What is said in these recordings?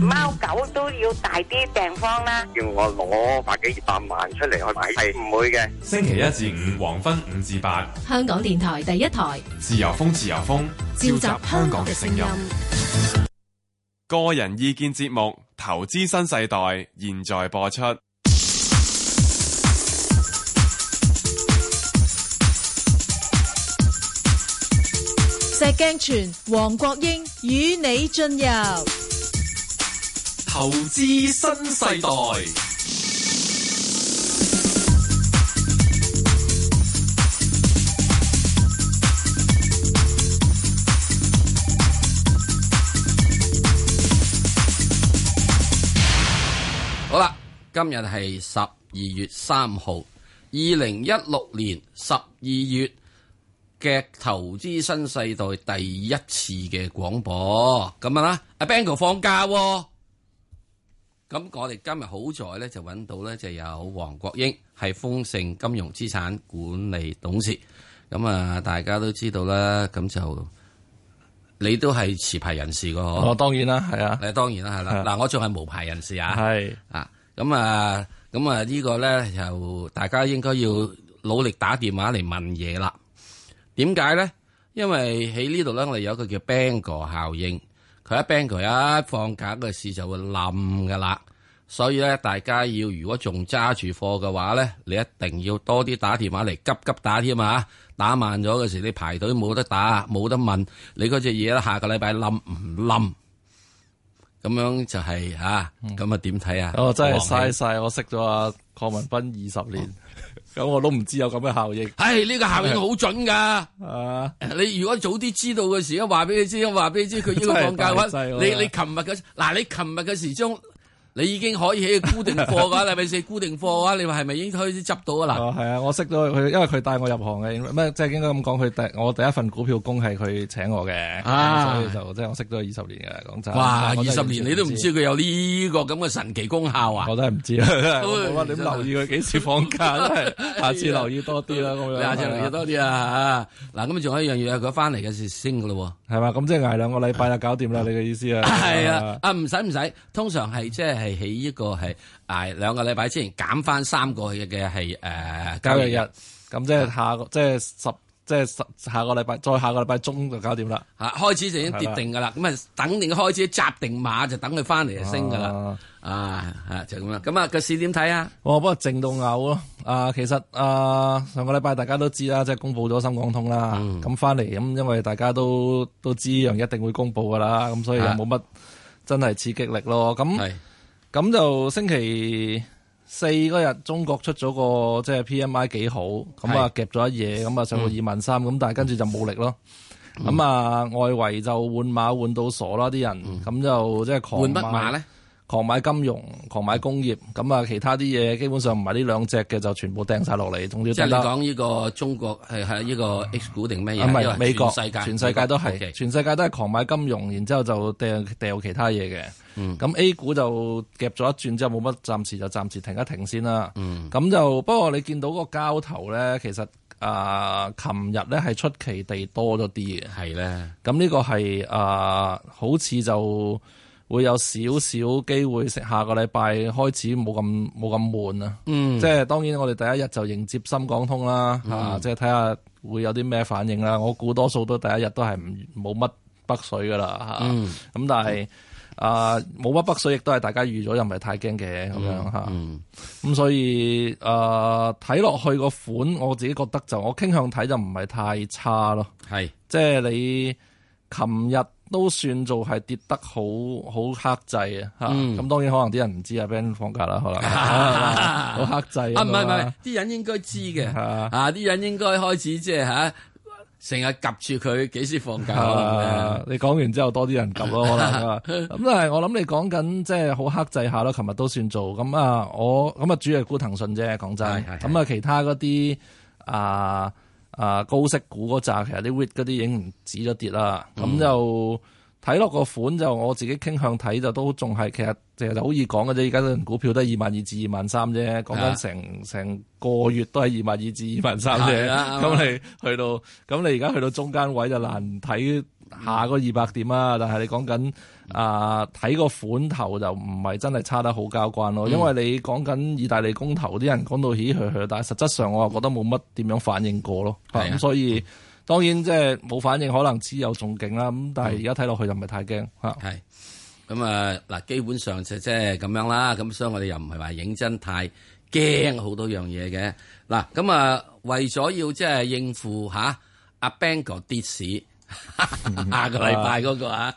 貓狗都要大啲病房啦、啊，要我攞百幾二百萬出嚟去買？係唔會嘅。星期一至五黃昏五至八，香港電台第一台，自由風自由風，召集香港嘅聲音。個人意見節目，投資新世代，現在播出。石鏡泉、黃國英與你進入。投資新世代，好啦，今日係十二月三號，二零一六年十二月嘅投資新世代第一次嘅廣播，咁樣啦，阿 Ben 哥放假喎。咁我哋今日好在咧，就搵到咧就有黃國英係豐盛金融資產管理董事。咁啊，大家都知道啦。咁就你都係持牌人士噶，哦，當然啦，係啊，當然啦，係啦，嗱，我仲係無牌人士啊，係啊。咁啊，咁啊，這個、呢個咧就大家應該要努力打電話嚟問嘢啦。點解咧？因為喺呢度咧，我哋有一個叫 Bangor 效應。佢一 ban 佢一放假嘅時就會冧噶啦，所以咧大家要如果仲揸住貨嘅話咧，你一定要多啲打電話嚟急急打添啊！打慢咗嘅時你排隊冇得打，冇得問你嗰隻嘢下個禮拜冧唔冧？咁樣就係、是、嚇，咁啊點睇啊？哦，真係嘥晒，我識咗阿鄺文斌二十年。嗯咁我都唔知有咁嘅效應、哎，係、這、呢個效應好準㗎。啊，你如果早啲知道嘅時候，一話俾你知，話俾你知佢呢個放假温。你、啊、你琴日嘅嗱，你琴日嘅時鐘。你已經可以起固定貨噶啦，咪先？固定貨嘅話，你話係咪已經開始執到啊？嗱，係啊，我識到佢，因為佢帶我入行嘅，咩即係應該咁講？佢第我第一份股票工係佢請我嘅，所以就即係我識咗二十年嘅講真。哇，二十年你都唔知佢有呢個咁嘅神奇功效啊！我都係唔知啊！哇，你留意佢幾時放假，真係下次留意多啲啦。咁樣，下次留意多啲啊！嗱，咁啊，仲有一樣嘢，佢翻嚟嘅時升嘅咯，係嘛？咁即係捱兩個禮拜就搞掂啦！你嘅意思啊？係啊，啊唔使唔使，通常係即係。起呢個係誒，兩個禮拜之前減翻三個月嘅係誒交易日，咁即係下個即係十即係十下個禮拜，再下個禮拜中就搞掂啦。吓開始就已經跌定噶啦，咁啊等定開始集定馬就等佢翻嚟就升噶啦。啊啊就咁啦。咁啊個市點睇啊？哦不過靜到嘔咯。啊，其實啊上個禮拜大家都知啦，即係公布咗深港通啦。咁翻嚟咁，因為大家都都知，樣一定會公布噶啦，咁所以又冇乜真係刺激力咯。咁。咁就星期四嗰日，中國出咗個即係 PMI 幾好，咁啊夾咗一嘢，咁啊上到二萬三，咁但係跟住就冇力咯。咁、嗯、啊外圍就換馬換到傻啦，啲人咁、嗯、就即係狂換乜馬咧？狂買金融，狂買工業，咁啊，其他啲嘢基本上唔係呢兩隻嘅，就全部掟晒落嚟，總之即係你講呢個中國係係呢個 H 股定咩嘢？唔係、啊、美國，全世界，okay. 全世界都係，全世界都係狂買金融，然之後就掟掉其他嘢嘅。咁、嗯、A 股就夾咗一轉之後冇乜，暫時就暫時停一停先啦。咁、嗯、就不過你見到嗰個交投咧，其實啊，琴日咧係出奇地多咗啲嘅。係咧、嗯，咁呢、嗯、個係啊、呃，好似就。就嗯會有少少機會，食下個禮拜開始冇咁冇咁悶啊！嗯，即係當然我哋第一日就迎接深港通啦，吓、嗯啊、即係睇下會有啲咩反應啦。我估多數都第一日都係唔冇乜北水㗎喇吓，咁、啊、但係啊冇乜北水亦都係大家預咗又唔係太驚嘅咁樣吓，咁、啊、所以誒睇落去個款，我自己覺得就我傾向睇就唔係太差咯，係是即係你琴日。都算做係跌得好好克制、嗯、啊！咁當然可能啲人唔知 啊，邊放假啦？可能好克制啊！唔係唔係，啲人應該知嘅嚇，啲、啊啊、人應該開始即係嚇，成日及住佢幾時放假。啊啊、你講完之後多啲人及咯啦。可能咁、 啊、但係我諗你講緊即係好克制下咯。琴日都算做咁啊，我咁啊主要係沽騰、騰訊啫。講真，咁 啊其他嗰啲啊。 啊，高息股嗰扎，其實啲匯嗰啲已經唔止咗跌啦，咁、嗯、就睇落個款就我自己傾向睇就都仲係其實其實好易講嘅啫，而家股票都係二萬二至二萬三啫，講緊成成的個月都係二萬二至二萬三啫，咁的、嗯、你去到咁你而家去到中間位就難睇。下個二百點啊！但係你講緊啊，睇、呃、個款頭就唔係真係差得好交關咯。因為你講緊意大利公投啲人講到起起，但係實質上我又覺得冇乜點樣反應過咯。咁是、啊啊、所以當然即係冇反應，可能只有仲勁啦。咁但係而家睇落去就唔係太驚嚇。係咁啊嗱、啊，基本上就即係咁樣啦。咁所以我哋又唔係話認真太驚好多樣嘢嘅嗱。咁啊，為咗要即係應付吓阿 Bank 個跌市。下個禮拜嗰個啊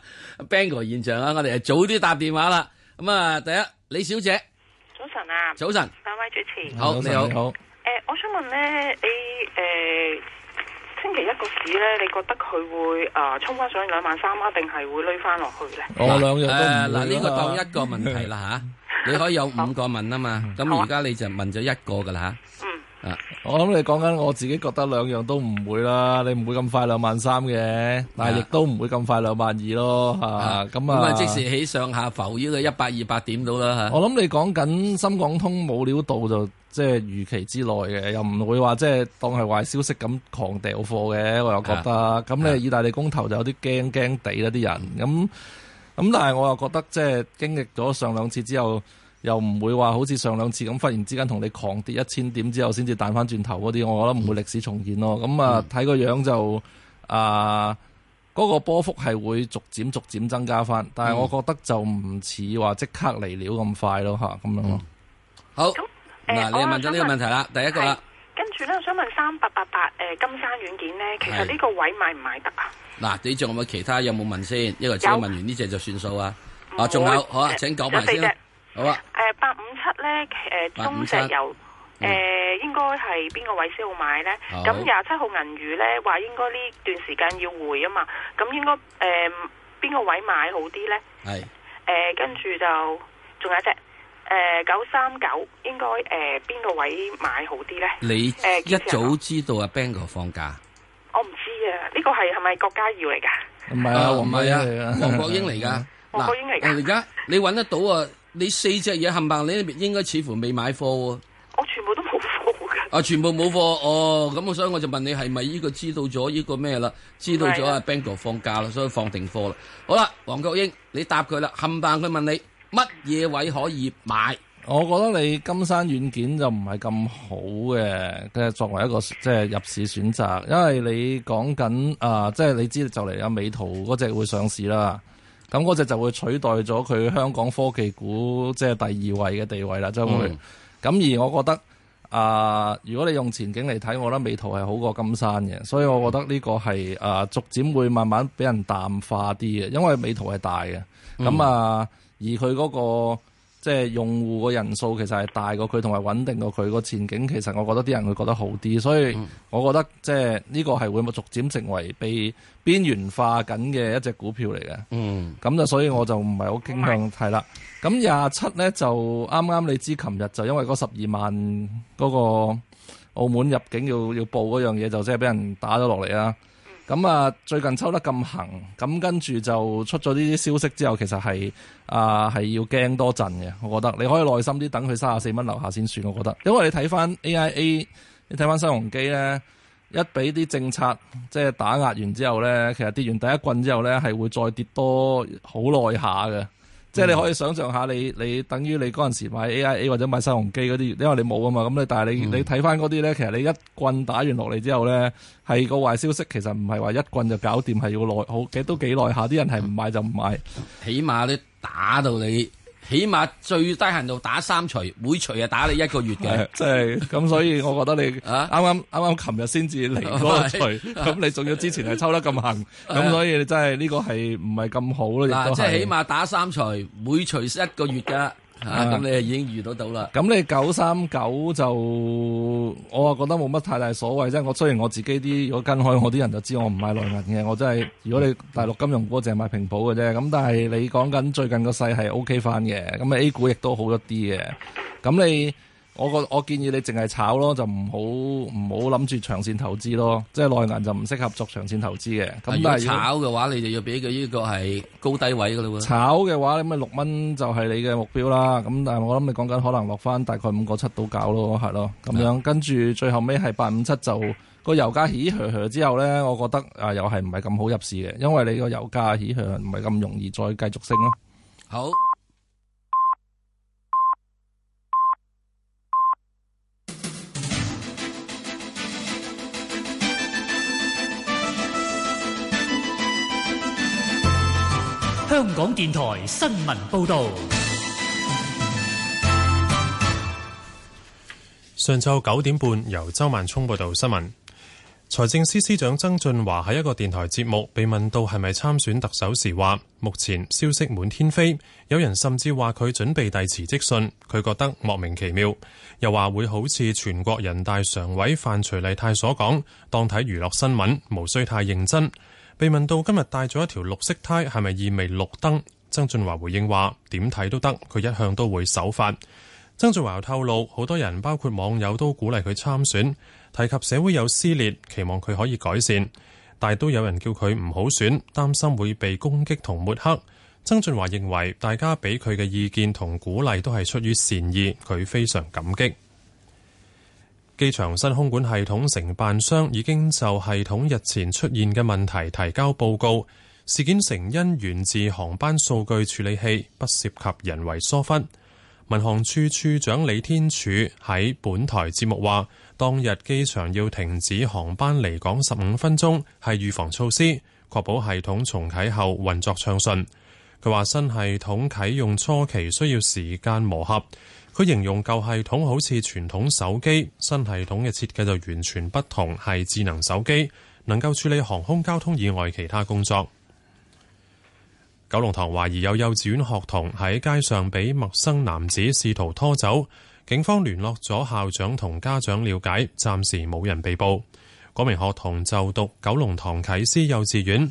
，Bangor 現場啊，我哋係早啲打電話啦。咁啊，第一，李小姐，早晨啊，早晨，兩位主持，好，你好，好。誒，我想問咧，你誒，星期一個市咧，你覺得佢會啊，沖翻上兩萬三啊，定係會累翻落去咧？我兩樣都唔會啦。誒，嗱，呢個當一個問題啦吓，你可以有五個問啊嘛。咁而家你就問咗一個噶啦。啊！我諗你講緊，我自己覺得兩樣都唔會啦，你唔會咁快兩萬三嘅，但係亦都唔會咁快兩萬二咯，吓咁啊！啊啊即時起上下浮腰嘅一百二百點到啦吓。啊、我諗你講緊深港通冇料到就即係預期之內嘅，又唔會話即係當係壞消息咁狂掉貨嘅，我又覺得。咁你、啊啊、意大利公投就有啲驚驚地啦，啲人咁咁，嗯、但係我又覺得即係經歷咗上兩次之後。又唔會話好似上兩次咁忽然之間同你狂跌一千點之後先至彈翻轉頭嗰啲，我覺得唔會歷史重現咯。咁啊，睇個樣就啊，嗰個波幅係會逐漸逐漸增加翻，但係我覺得就唔似話即刻嚟料咁快咯吓，咁樣咯。好。嗱，你問咗呢個問題啦，第一個啦。跟住咧，我想問三八八八誒金山軟件咧，其實呢個位買唔買得啊？嗱，你仲有冇其他有冇問先？因為請問完呢隻就算數啊。啊，仲有，好啊，請講埋先好啊！誒，八五七咧，誒，中石油，誒，應該係邊個位先好買咧？咁廿七號銀娛咧，話應該呢段時間要回啊嘛。咁應該誒邊個位買好啲咧？係誒，跟住就仲有一隻，誒，九三九應該誒邊個位買好啲咧？你誒一早知道阿 Bang 哥放假，我唔知啊。呢個係係咪郭家耀嚟噶？唔係啊，唔係啊，黃國英嚟噶。黃國英嚟噶。而家你搵得到啊？你四隻嘢冚唪唥，你呢邊應該似乎未買貨喎、啊。我全部都冇貨嘅。啊，全部冇貨哦。咁啊，所以我就問你，係咪呢個知道咗呢、這個咩啦？知道咗阿 Ben 哥放假啦，所以放定貨啦。好啦，黃國英，你答佢啦。冚唪唥佢問你乜嘢位可以買？我覺得你金山軟件就唔係咁好嘅嘅，作為一個即係、就是、入市選擇，因為你講緊啊，即、就、係、是、你知就嚟有美圖嗰隻會上市啦。咁嗰隻就會取代咗佢香港科技股即係、就是、第二位嘅地位啦，將會咁、是那個。咁、嗯、而我覺得啊、呃，如果你用前景嚟睇，我覺得美圖係好過金山嘅，所以我覺得呢個係啊、呃、逐漸會慢慢俾人淡化啲嘅，因為美圖係大嘅，咁、嗯、啊而佢嗰、那個。即係用戶個人數其實係大過佢，同埋穩定過佢個前景，其實我覺得啲人會覺得好啲，所以我覺得即係呢個係會唔會逐漸成為被邊緣化緊嘅一隻股票嚟嘅。嗯，咁就所以我就唔係好傾向係啦。咁廿七咧就啱啱你知，琴日就因為嗰十二萬嗰個澳門入境要要報嗰樣嘢，就即係俾人打咗落嚟啦。咁啊，最近抽得咁行，咁跟住就出咗呢啲消息之後，其實係啊係要驚多陣嘅。我覺得你可以耐心啲等佢三十四蚊樓下先算。我覺得，因為你睇翻 AIA，你睇翻新鴻基咧，一俾啲政策即係打壓完之後咧，其實跌完第一棍之後咧，係會再跌多好耐下嘅。即係你可以想象下你，你你等於你嗰陣時買 AIA 或者買新鴻基嗰啲，因為你冇啊嘛，咁你但係你你睇返嗰啲咧，其實你一棍打完落嚟之後咧，係個壞消息，其實唔係話一棍就搞掂，係要耐好嘅都幾耐下，啲人係唔買就唔買，起碼咧打到你。起碼最低限度打三除，每除啊打你一個月嘅，即係咁，所以我覺得你啊，啱啱啱啱琴日先至嚟嗰個除，咁你仲要之前係抽得咁痕，咁 所以你真係呢個係唔係咁好咯？啊、即係起碼打三除，每除一個月噶。啊！咁、嗯嗯、你啊已經遇到到啦。咁你九三九就我啊覺得冇乜太大所謂啫。我雖然我自己啲如果跟開我啲人就知我唔買內銀嘅，我真、就、係、是、如果你大陸金融股淨係買平保嘅啫。咁但係你講緊最近個勢係 O K 翻嘅，咁 A 股亦都好一啲嘅。咁你。我個我建議你淨係炒咯，就唔好唔好諗住長線投資咯，即係內銀就唔適合作長線投資嘅。咁但係炒嘅話，你就要俾佢呢個係高低位噶啦喎。炒嘅話，你咪六蚊就係你嘅目標啦。咁但係我諗你講緊可能落翻大概五個七到搞咯，係咯，咁樣，樣跟住最後尾係八五七就個油價起起之後咧，我覺得啊又係唔係咁好入市嘅，因為你個油價起起唔係咁容易再繼續升咯。好。香港電台新聞報道。上晝九點半，由周萬聰報道新聞。財政司司長曾俊華喺一個電台節目被問到係咪參選特首時話，話目前消息滿天飛，有人甚至話佢準備遞辭職信，佢覺得莫名其妙，又話會好似全國人大常委范徐麗泰所講，當睇娛樂新聞，無需太認真。被問到今日戴咗一條綠色呔係咪意味綠燈？曾俊華回應話：點睇都得，佢一向都會守法。曾俊華透露，好多人包括網友都鼓勵佢參選，提及社會有撕裂，期望佢可以改善。但係都有人叫佢唔好選，擔心會被攻擊同抹黑。曾俊華認為大家俾佢嘅意見同鼓勵都係出於善意，佢非常感激。機場新空管系統承辦商已經就系統日前出現嘅問題提交報告，事件成因源自航班數據處理器，不涉及人為疏忽。民航處處長李天柱喺本台節目話，當日機場要停止航班離港十五分鐘係預防措施，確保系統重啟後運作暢順。佢話新系統啟用初期需要時間磨合。佢形容舊系統好似傳統手機，新系統嘅設計就完全不同，係智能手機能夠處理航空交通以外其他工作。九龍塘懷疑有幼稚園學童喺街上畀陌生男子試圖拖走，警方聯絡咗校長同家長了解，暫時冇人被捕。嗰名學童就讀九龍塘啟思幼稚園。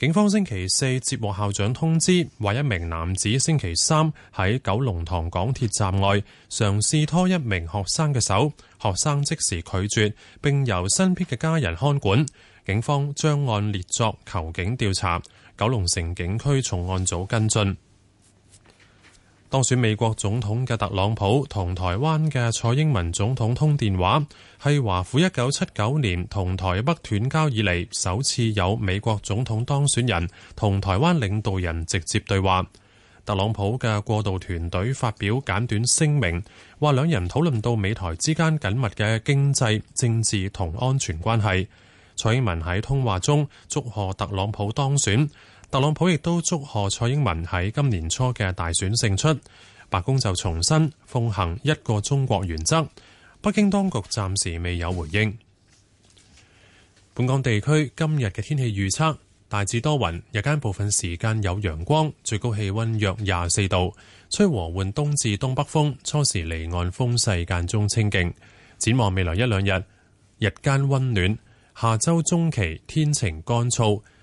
警方星期四接獲校長通知，話一名男子星期三喺九龍塘港鐵站外嘗試拖一名學生嘅手，學生即時拒絕，並由身邊嘅家人看管。警方將案列作求警調查，九龍城警區重案組跟進。當選美國總統嘅特朗普同台灣嘅蔡英文總統通電話，係華府一九七九年同台北斷交以嚟首次有美國總統當選人同台灣領導人直接對話。特朗普嘅過渡團隊發表簡短聲明，話兩人討論到美台之間緊密嘅經濟、政治同安全關係。蔡英文喺通話中祝賀特朗普當選。特朗普亦都祝賀蔡英文喺今年初嘅大選勝出，白宮就重申奉行一個中國原則。北京當局暫時未有回應。本港地區今日嘅天氣預測大致多雲，日間部分時間有陽光，最高氣溫約廿四度，吹和緩東至東北風，初時離岸風勢間中清勁。展望，未來一兩日，日間溫暖，下周中期天晴乾燥。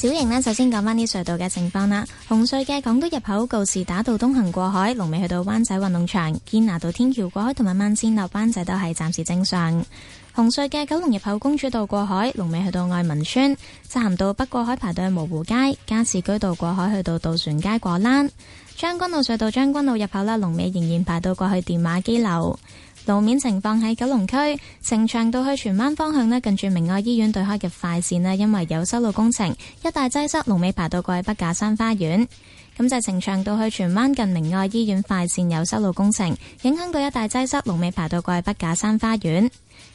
小瑩呢，首先講返啲隧道嘅情況啦。紅隧嘅港島入口告士打道東行過海，龍尾去到灣仔運動場；堅拿道天橋過海同埋萬善樓灣仔都係暫時正常。紅隧嘅九龍入口公主道過海，龍尾去到愛民村；漆咸道北過海排隊去蕪湖街；加士居道過海去到渡船街果欄；將軍澳隧道將軍澳入口啦，龍尾仍然排到過去電話機樓。路面情況喺九龍區呈祥道去荃灣方向咧，近住明愛醫院對開嘅快線咧，因為有修路工程，一大擠塞，龍尾排到過去畢架山花園。咁就呈祥道去荃灣近明愛醫院快線有修路工程，影響到一大擠塞，龍尾排到過去畢架山花園。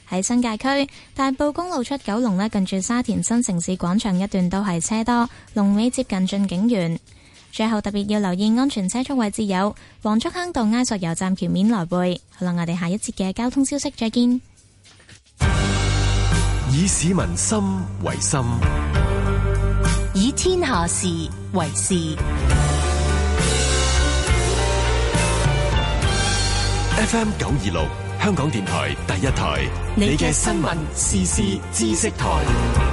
喺新界區大埔公路出九龍咧，近住沙田新城市廣場一段都係車多，龍尾接近進景園。最後特別要留意安全車速位置有黃竹坑道埃索油站橋面來回。好啦，我哋下一節嘅交通消息再見。以市民心為心，以天下事為事。FM 九二六香港電台第一台，你嘅新聞、 時事、知識台。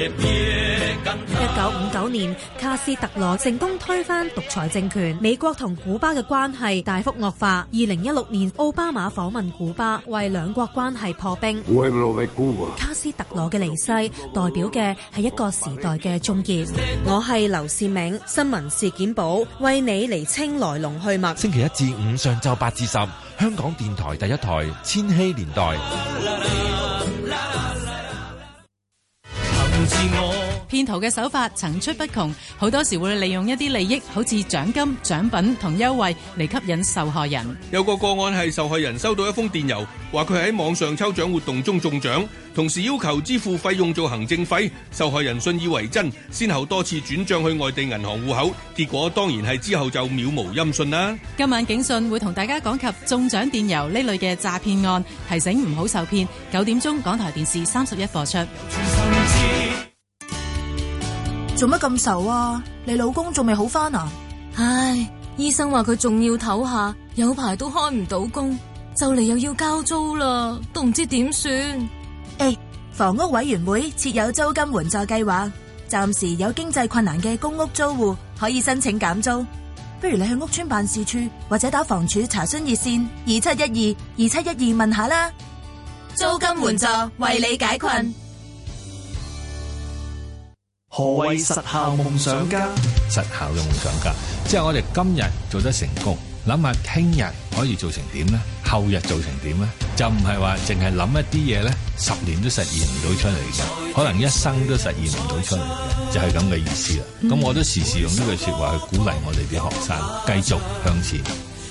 一九五九年，卡斯特羅成功推翻獨裁政權，美國同古巴嘅關係大幅惡化。二零一六年，奧巴馬訪問古巴，為兩國關係破冰。 卡斯特羅嘅離世，代表嘅係一個時代嘅終結。 我係劉善明，新聞事件簿，為你釐清來龍去脈。星期一至五上晝八至十，香港電台第一台《千禧年代》。 騙徒嘅手法層出不窮，好多時會利用一啲利益，好似獎金、獎品同優惠嚟吸引受害人。有個個案係受害人收到一封電郵，話佢喺網上抽獎活動中中獎，同時要求支付費用做行政費。受害人信以為真，先後多次轉賬去外地銀行戶口，結果當然係之後就渺無音訊啦。今晚警訊會同大家講及中獎電郵呢類嘅詐騙案，提醒唔好受騙。九點鐘，港台電視三十一播出。 做乜咁愁啊？你老公仲未好返啊？唉，醫生話佢仲要唞下，有排都開唔到工，就嚟，又要交租啦，都唔知點算。誒、欸，房屋委員會設有租金援助計劃，暫時有經濟困難嘅公屋租戶可以申請減租。不如你去屋邨辦事處或者打房署查詢熱線二七一二二七一二問下啦。租金援助為你解困。何謂實效夢想家？實效嘅夢想家，即係我哋今日做得成功，諗下聽日可以做成點咧？後日做成點咧？就唔係話淨係諗一啲嘢咧，十年都實現唔到出嚟嘅，可能一生都實現唔到出嚟嘅，就係咁嘅意思啦。咁、嗯、我都時時用呢句說話去鼓勵我哋啲學生，繼續向前。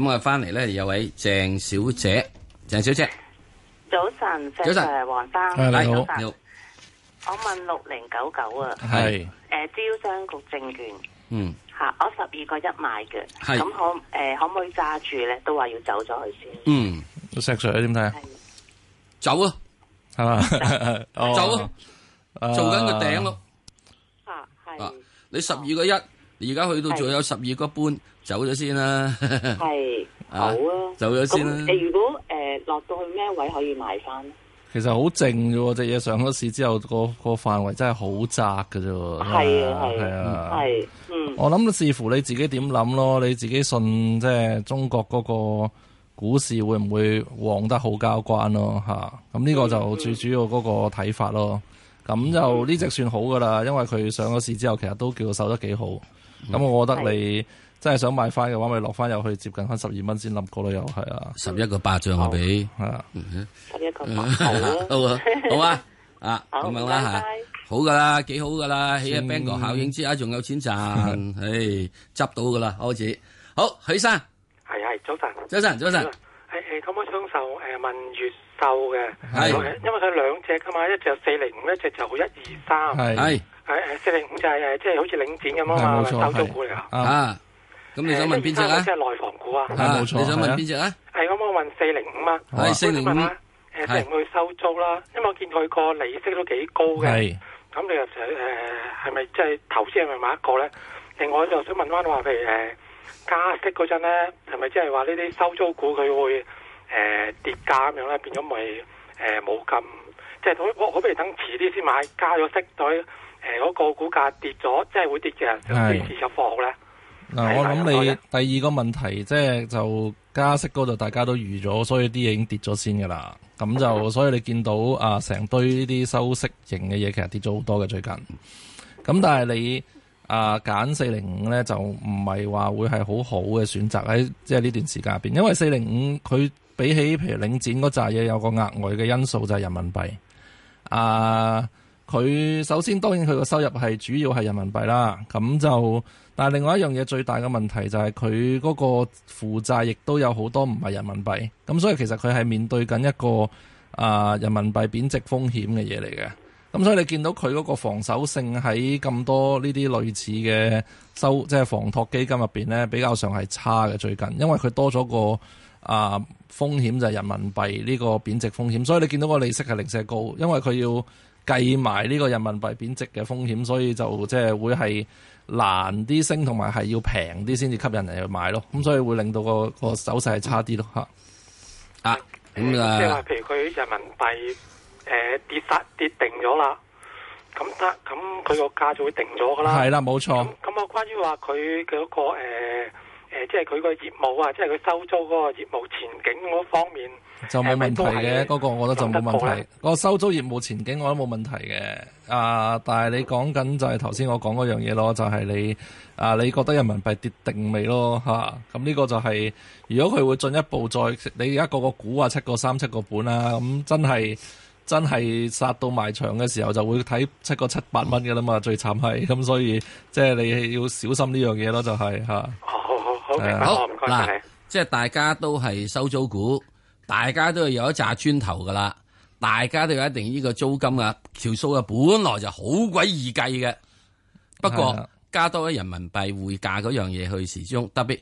咁啊，翻嚟咧有位鄭小姐，鄭小姐，早晨，早晨，黃生，你好。我問六零九九啊，係誒招商局證券，嗯，吓我十二個一買嘅，係咁可誒可唔可以揸住咧？都話要走咗去先，嗯，都石水點睇啊？走啊，係嘛？走啊，做緊個頂咯，啊係你十二個一，而家去到仲有十二個半。走咗先啦，係好啊，走咗先啦。你如果誒落到去咩位可以賣翻咧？其實好靜嘅，隻嘢上咗市之後，個個範圍真係好窄嘅啫。係啊，係啊，係。嗯，我諗都視乎你自己點諗咯。你自己信即係中國嗰個股市會唔會旺得好交關咯？吓，咁呢個就最主要嗰個睇法咯。咁就呢隻算好噶啦，因為佢上咗市之後，其實都叫佢守得幾好。咁我覺得你。真係想買翻嘅話，咪落翻入去，接近翻十二蚊先諗過咯，又係啊！十一個百象我俾，啊，十一個百好啊，好啊，啊，咁樣啦嚇，好噶啦，幾好噶啦，喺嘅 bangor 效應之下仲有錢賺，唉，執到噶啦，開始好，許生，係係，早晨，早晨，早晨，係係，咁樣雙手誒問月秀嘅，係，因為佢兩隻噶嘛，一隻四零五，一隻就一二三，係，係，四零五就係誒，即係好似領展咁啊嘛，收租股嚟嚇，啊。咁你想問邊隻啊？即係內房股啊，係冇錯。你想問邊隻啊？係咁我問四零五啊？係四零五，係四零五去收租啦。因為我見佢個利息都幾高嘅。係咁，你又想誒，係咪即係投資係咪買一個咧？另外，我就想問翻話，譬如誒加息嗰陣咧，係咪即係話呢啲收租股佢會誒跌價咁樣咧，變咗咪誒冇咁？即係我我不如等遲啲先買？加咗息對誒嗰個股價跌咗，即係會跌嘅，先持有放好咧？嗱，我諗你第二個問題，即係就加息嗰度，大家都預咗，所以啲嘢已經跌咗先噶啦。咁就所以你見到啊，成、呃、堆呢啲收息型嘅嘢，其實跌咗好多嘅最近。咁但係你啊揀四零五咧，就唔係話會係好好嘅選擇喺即係呢段時間入邊，因為四零五佢比起譬如領展嗰扎嘢有個額外嘅因素就係、是、人民幣啊。佢、呃、首先當然佢個收入係主要係人民幣啦，咁就。但另外一樣嘢最大嘅問題就係佢嗰個負債亦都有好多唔係人民幣，咁所以其實佢係面對緊一個啊、呃、人民幣貶值風險嘅嘢嚟嘅。咁所以你見到佢嗰個防守性喺咁多呢啲類似嘅收即係房託基金入邊呢，比較上係差嘅最近，因為佢多咗個啊、呃、風險就係人民幣呢個貶值風險，所以你見到個利息係零舍高，因為佢要計埋呢個人民幣貶值嘅風險，所以就即係會係。難啲升，同埋係要平啲先至吸引人去買咯，咁、嗯、所以會令到個個手勢係差啲咯，吓，啊，咁啊、呃，嗯、即係話，譬如佢人民幣誒、呃、跌曬跌定咗啦，咁得咁佢個價就會定咗㗎啦。係啦，冇錯。咁咁啊，關於話佢嘅嗰個、呃誒、呃，即係佢個業務啊，即係佢收租嗰個業務前景嗰方面，就冇問題嘅。嗰個我覺得就冇問題。個收租業務前景我覺得冇問題嘅。啊，但係你講緊就係頭先我講嗰樣嘢咯，就係、是、你啊，你覺得人民幣跌定未咯？吓、啊，咁、嗯、呢、這個就係、是、如果佢會進一步再，你而家個個股啊七個三、七個半啦、啊，咁、嗯、真係真係殺到埋牆嘅時候，就會睇七個七八蚊嘅啦嘛。最慘係咁，所以即係你要小心呢樣嘢咯，就係吓。哦 Okay, uh, 好，嗱喇，即係大家都係收租股，大家都係有一紮磚頭噶啦，大家都有一定呢個租金啊，條數啊本來就好鬼易計嘅，不過、uh, 加多咗人民幣匯價嗰樣嘢去始終，特別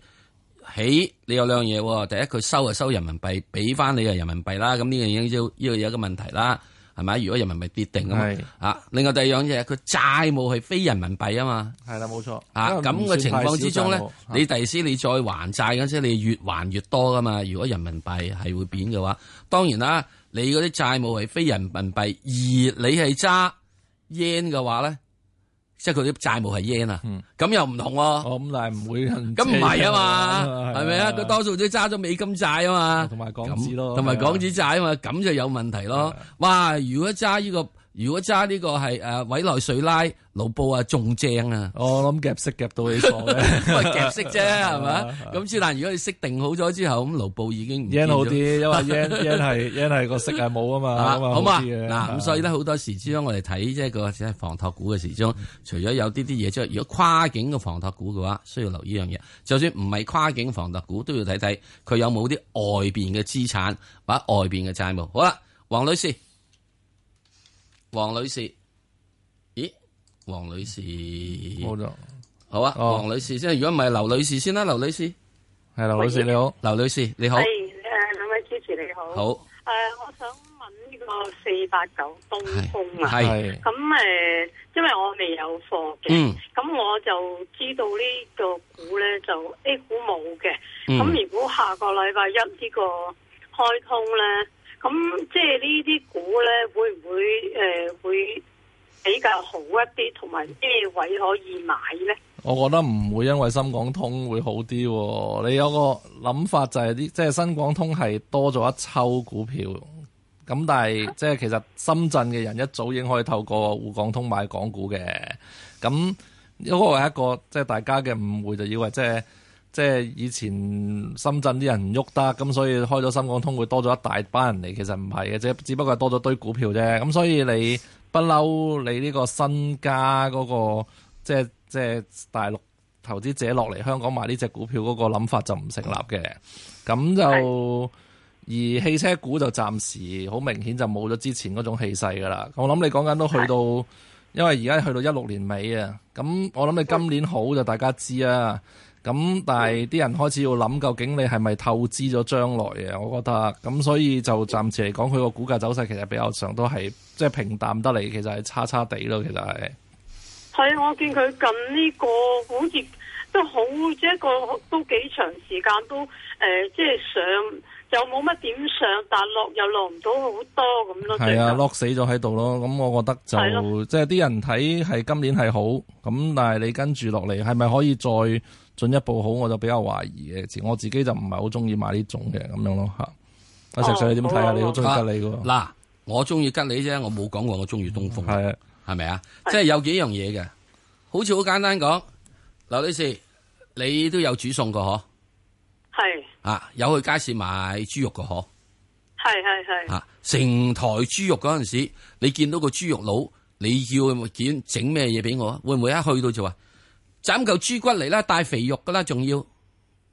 起你有兩樣嘢，第一佢收就收人民幣，俾翻你係人民幣啦，咁呢樣嘢要要嘢，呢個呢個、一個問題啦。係咪？如果人民幣跌定啊嘛，的啊！另外第二樣嘢，佢、啊、債務係非人民幣啊嘛，係啦，冇錯啊！咁嘅情況之中咧，的你第時你再還債嘅，即你越還越多噶嘛。如果人民幣係會變嘅話，當然啦，你嗰啲債務係非人民幣，而你係揸 yen 嘅話咧。即係佢啲債務係 yen、嗯、啊，咁又唔同喎。哦，咁但係唔會咁唔係啊嘛，係咪啊？佢吧吧多數都揸咗美金債啊嘛，同埋吧樣港紙咯，同埋港紙債啊嘛，咁吧就有問題咯。哇吧！如果揸呢個。如果揸呢、這個係誒、啊、委內瑞拉盧布啊，仲正啊！我諗夾色夾到你傻咧，都係夾色啫，係咪？咁之 但如果你色定好咗之後，咁盧布已經唔好 啲，因為 yen y e 係個色係冇啊嘛，好嘛？嗱，咁所以咧，好多時之中我哋睇即係嗰隻房託股嘅時鐘，除咗有啲啲嘢之外，如果跨境嘅房託股嘅話，需要留意呢樣嘢。就算唔係跨境房託股，都要睇睇佢有冇啲外邊嘅資產或者外邊嘅債務。好啦，黃女士。黃女士，咦？黃女士，冇錯的，好啊。黃、哦、女士先，如果唔係劉女士先啦。劉女,女士，係劉女士你好，劉女士你好，係誒，兩位主持你好，好誒，uh, 我想問呢個四八九東風啊，係咁誒，因為我未有貨嘅，咁、嗯、我就知道呢個股咧就 A、這個、股冇嘅，咁、嗯、如果下個禮拜一呢個開通咧？咁、嗯、即係呢啲股咧，會唔會誒、呃、會比較好一啲，同埋啲位可以買咧？我覺得唔會，因為深港通會好啲，哦。你有個諗法就係、是、啲，即係深港通係多咗一抽股票。咁但係、啊、即係其實深圳嘅人一早已經可以透過滬港通買港股嘅。咁因為一個即係大家嘅誤會，就以為即係。即係以前深圳啲人唔喐得，咁所以開咗深港通會多咗一大班人嚟。其實唔係嘅，即係只不過多咗堆股票啫。咁所以你不嬲你呢個新家嗰、嗰個即係即係大陸投資者落嚟香港買呢隻股票嗰個諗法就唔成立嘅。咁就而汽車股就暫時好明顯就冇咗之前嗰種氣勢㗎啦。我諗你講緊都去到，因為而家去到一六年尾啊。咁我諗你今年好就大家知啊。咁、嗯，但係啲人開始要諗，究竟你係咪透支咗將來呀？我覺得，咁所以就暫時嚟講，佢個股價走勢其實比較上都係即係平淡得嚟，其實係差差地咯。其實係，係我見佢近呢、這個股業都好，即一個都幾長時間都誒、呃，即係上。又冇乜點上，但落又落唔到好多咁咯。係啊，落死咗喺度咯。咁我覺得就即係啲人睇係今年係好咁，但係你跟住落嚟係咪可以再進一步好，我就比較懷疑嘅。我自己就唔係好中意買呢種嘅咁樣咯吓。阿石 Sir，你點睇啊？你好中意吉利噶？嗱，我中意吉利啫，我冇講過我中意東風。係咪啊？即係有幾樣嘢嘅，好似好簡單講。劉女士，你都有煮餸過嗬？係。啊，有去街市買豬肉噶，嗬？係係係啊，成台豬肉嗰陣時，你見到個豬肉佬，你要點整咩嘢俾我啊？會唔會一去到就話斬嚿豬骨嚟啦，帶肥肉噶啦，仲要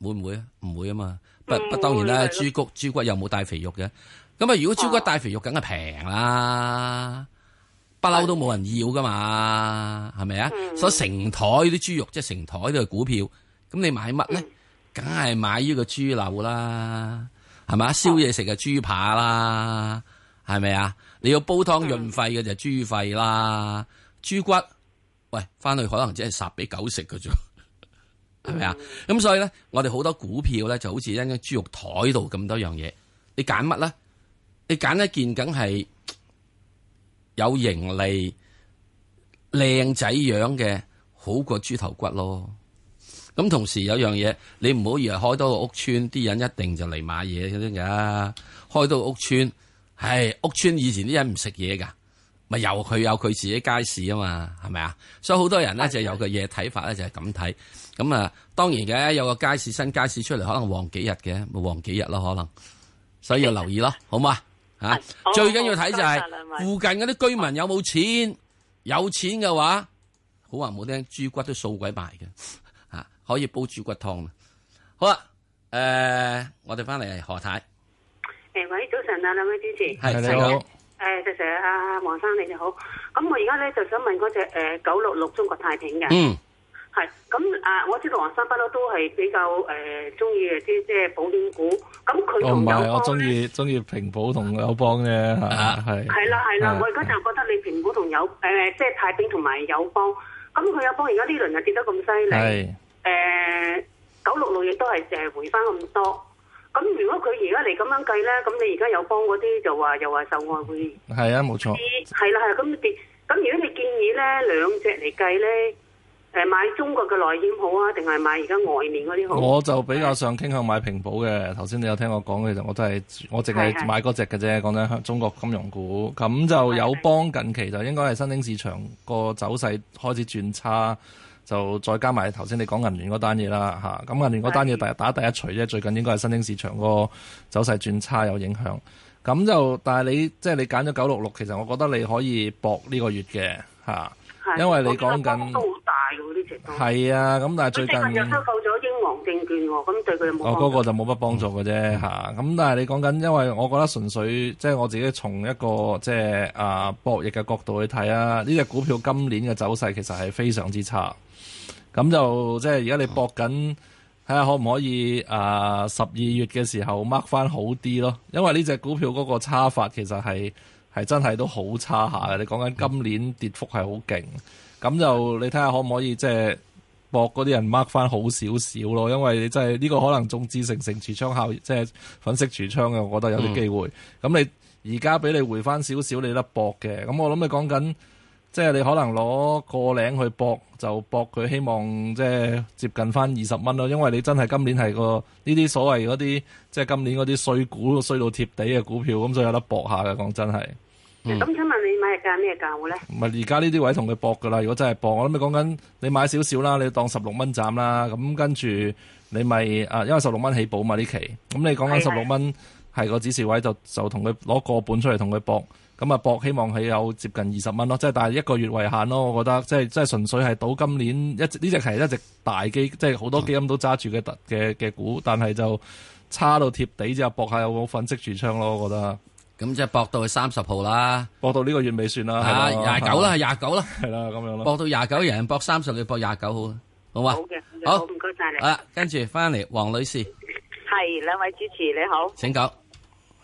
會唔會啊？唔會啊嘛，不不、嗯、當然啦，豬是骨豬骨又冇帶肥肉嘅，咁啊如果豬骨帶肥肉，梗係平啦，不嬲都冇人要噶嘛，係咪啊？嗯、所以成台啲豬肉即係成台都係股票，咁你買乜咧？嗯梗係買呢個豬柳啦，係咪？燒嘢食嘅豬扒啦，係咪啊？你要煲湯潤肺嘅就豬肺啦，豬、嗯、骨，喂，翻去可能只係殺俾狗食嘅啫，係咪啊？咁、嗯、所以咧，我哋好多股票咧，就好似一間豬肉台度咁多樣嘢，你揀乜咧？你揀一件梗係有盈利、靚仔樣嘅，好過豬頭骨咯。咁同時有樣嘢，你唔好以為開多個屋村，啲人一定就嚟買嘢嗰啲㗎。開多個屋村，唉，屋村以前啲人唔食嘢噶，咪由佢有佢自己街市啊嘛，係咪啊？所以好多人咧就是、有個嘢睇法咧就係咁睇。咁、嗯、啊，當然嘅有個街市新街市出嚟，可能旺幾日嘅，咪旺幾日咯可能。所以要留意咯， 好嘛？啊， 最緊要睇就係、是、 附近嗰啲居民有冇錢，有錢嘅話，好話唔好聽，豬骨都掃鬼埋嘅。可以煲豬骨湯啦。好啊，誒、呃，我哋翻嚟何太。誒，喂，早晨啊，兩位主持。係你好。誒、呃，謝謝啊，黃生你哋好。咁我而家咧就想問嗰隻誒九六六中國太平嘅、嗯。嗯。係。咁啊，我知道黃生不嬲都係比較誒中意啲即係保險股。咁佢同友邦咧？唔係，我中意中意平保同友邦嘅。吓係。係啦係啦，我而家就覺得你平保同友誒，即係太平同埋友邦。咁佢友邦而家呢輪就跌得咁犀利。係是。誒、呃、九六六亦都淨係回翻咁多，咁如果佢而家嚟咁樣計咧，咁你而家有幫嗰啲就話又話受外匯，係啊，冇錯，係啦係咁，咁、啊啊、如果你建議咧兩隻嚟計咧，誒買中國嘅內險好啊，定係買而家外面嗰啲好？我就比較上傾向買平保嘅。頭先的你有聽我講，嘅，就我都係我淨係買嗰隻嘅啫。講真的，講講中國金融股咁就有幫近期就應該係新興市場個走勢開始轉差。就再加埋頭先你講銀聯嗰單嘢啦嚇，咁、啊嗯、銀聯嗰單嘢第日打第一鎚啫，最近應該係新興市場個走勢轉差有影響。咁就但係你即係你揀咗九六六，其實我覺得你可以搏呢個月嘅嚇，啊、的因為你講緊都好大啲情況。係啊，咁、這個啊嗯、但係最近。證券咁對佢冇？我嗰、哦那個、就冇乜幫助嘅啫嚇。咁、嗯啊、但係你講緊，因為我覺得純粹即係、就是、我自己從一個即係、就是、啊博弈嘅角度去睇啊，呢、這、隻、個、股票今年嘅走勢其實係非常之差。咁就即係而家你搏緊，睇下、嗯、可唔可以啊十二月嘅時候 mark 翻好啲咯。因為呢隻股票嗰個差法其實係係真係都好差下嘅。嗯、你講緊今年跌幅係好勁，咁就你睇下可唔可以即係？就是搏嗰啲人 mark 翻好少少咯，因為你真係呢個可能眾志成城櫥窗效，即係粉飾櫥窗嘅，我覺得有啲機會。咁你而家俾你回翻少少，你得搏嘅。咁我諗你講緊，即係你可能攞個領去搏，就搏佢希望即係接近翻二十蚊咯。因為你真係今年係個呢啲所謂嗰啲，即係今年嗰啲衰股衰到貼地嘅股票，咁所以有得搏下嘅。講真係。咁想問你買日價，咩價咧？唔係而家呢啲位同佢搏噶啦。如果真係搏，我諗你講緊你買少少啦，你當十六蚊斬啦。咁跟住你咪誒，因為十六蚊起保嘛呢期。咁你講緊十六蚊係個指示位，就就同佢攞個本出嚟同佢搏。咁啊搏，希望係有接近二十蚊咯。即係但係一個月為限咯。我覺得即係即係純粹係賭今年一呢隻係一隻大基，即係好多基金都揸住嘅嘅嘅股。但係就差到貼地之後搏下有冇粉色櫥窗咯，我覺得。咁即係博到去三十號啦，博到呢個月尾算啦，係廿九啦，係廿九啦，係啦，咁樣咯，博到廿九人博三十你博廿九號，好嘛？好嘅，好唔該晒你。好啦，跟住翻嚟，黃女士，係兩位主持你好，請講。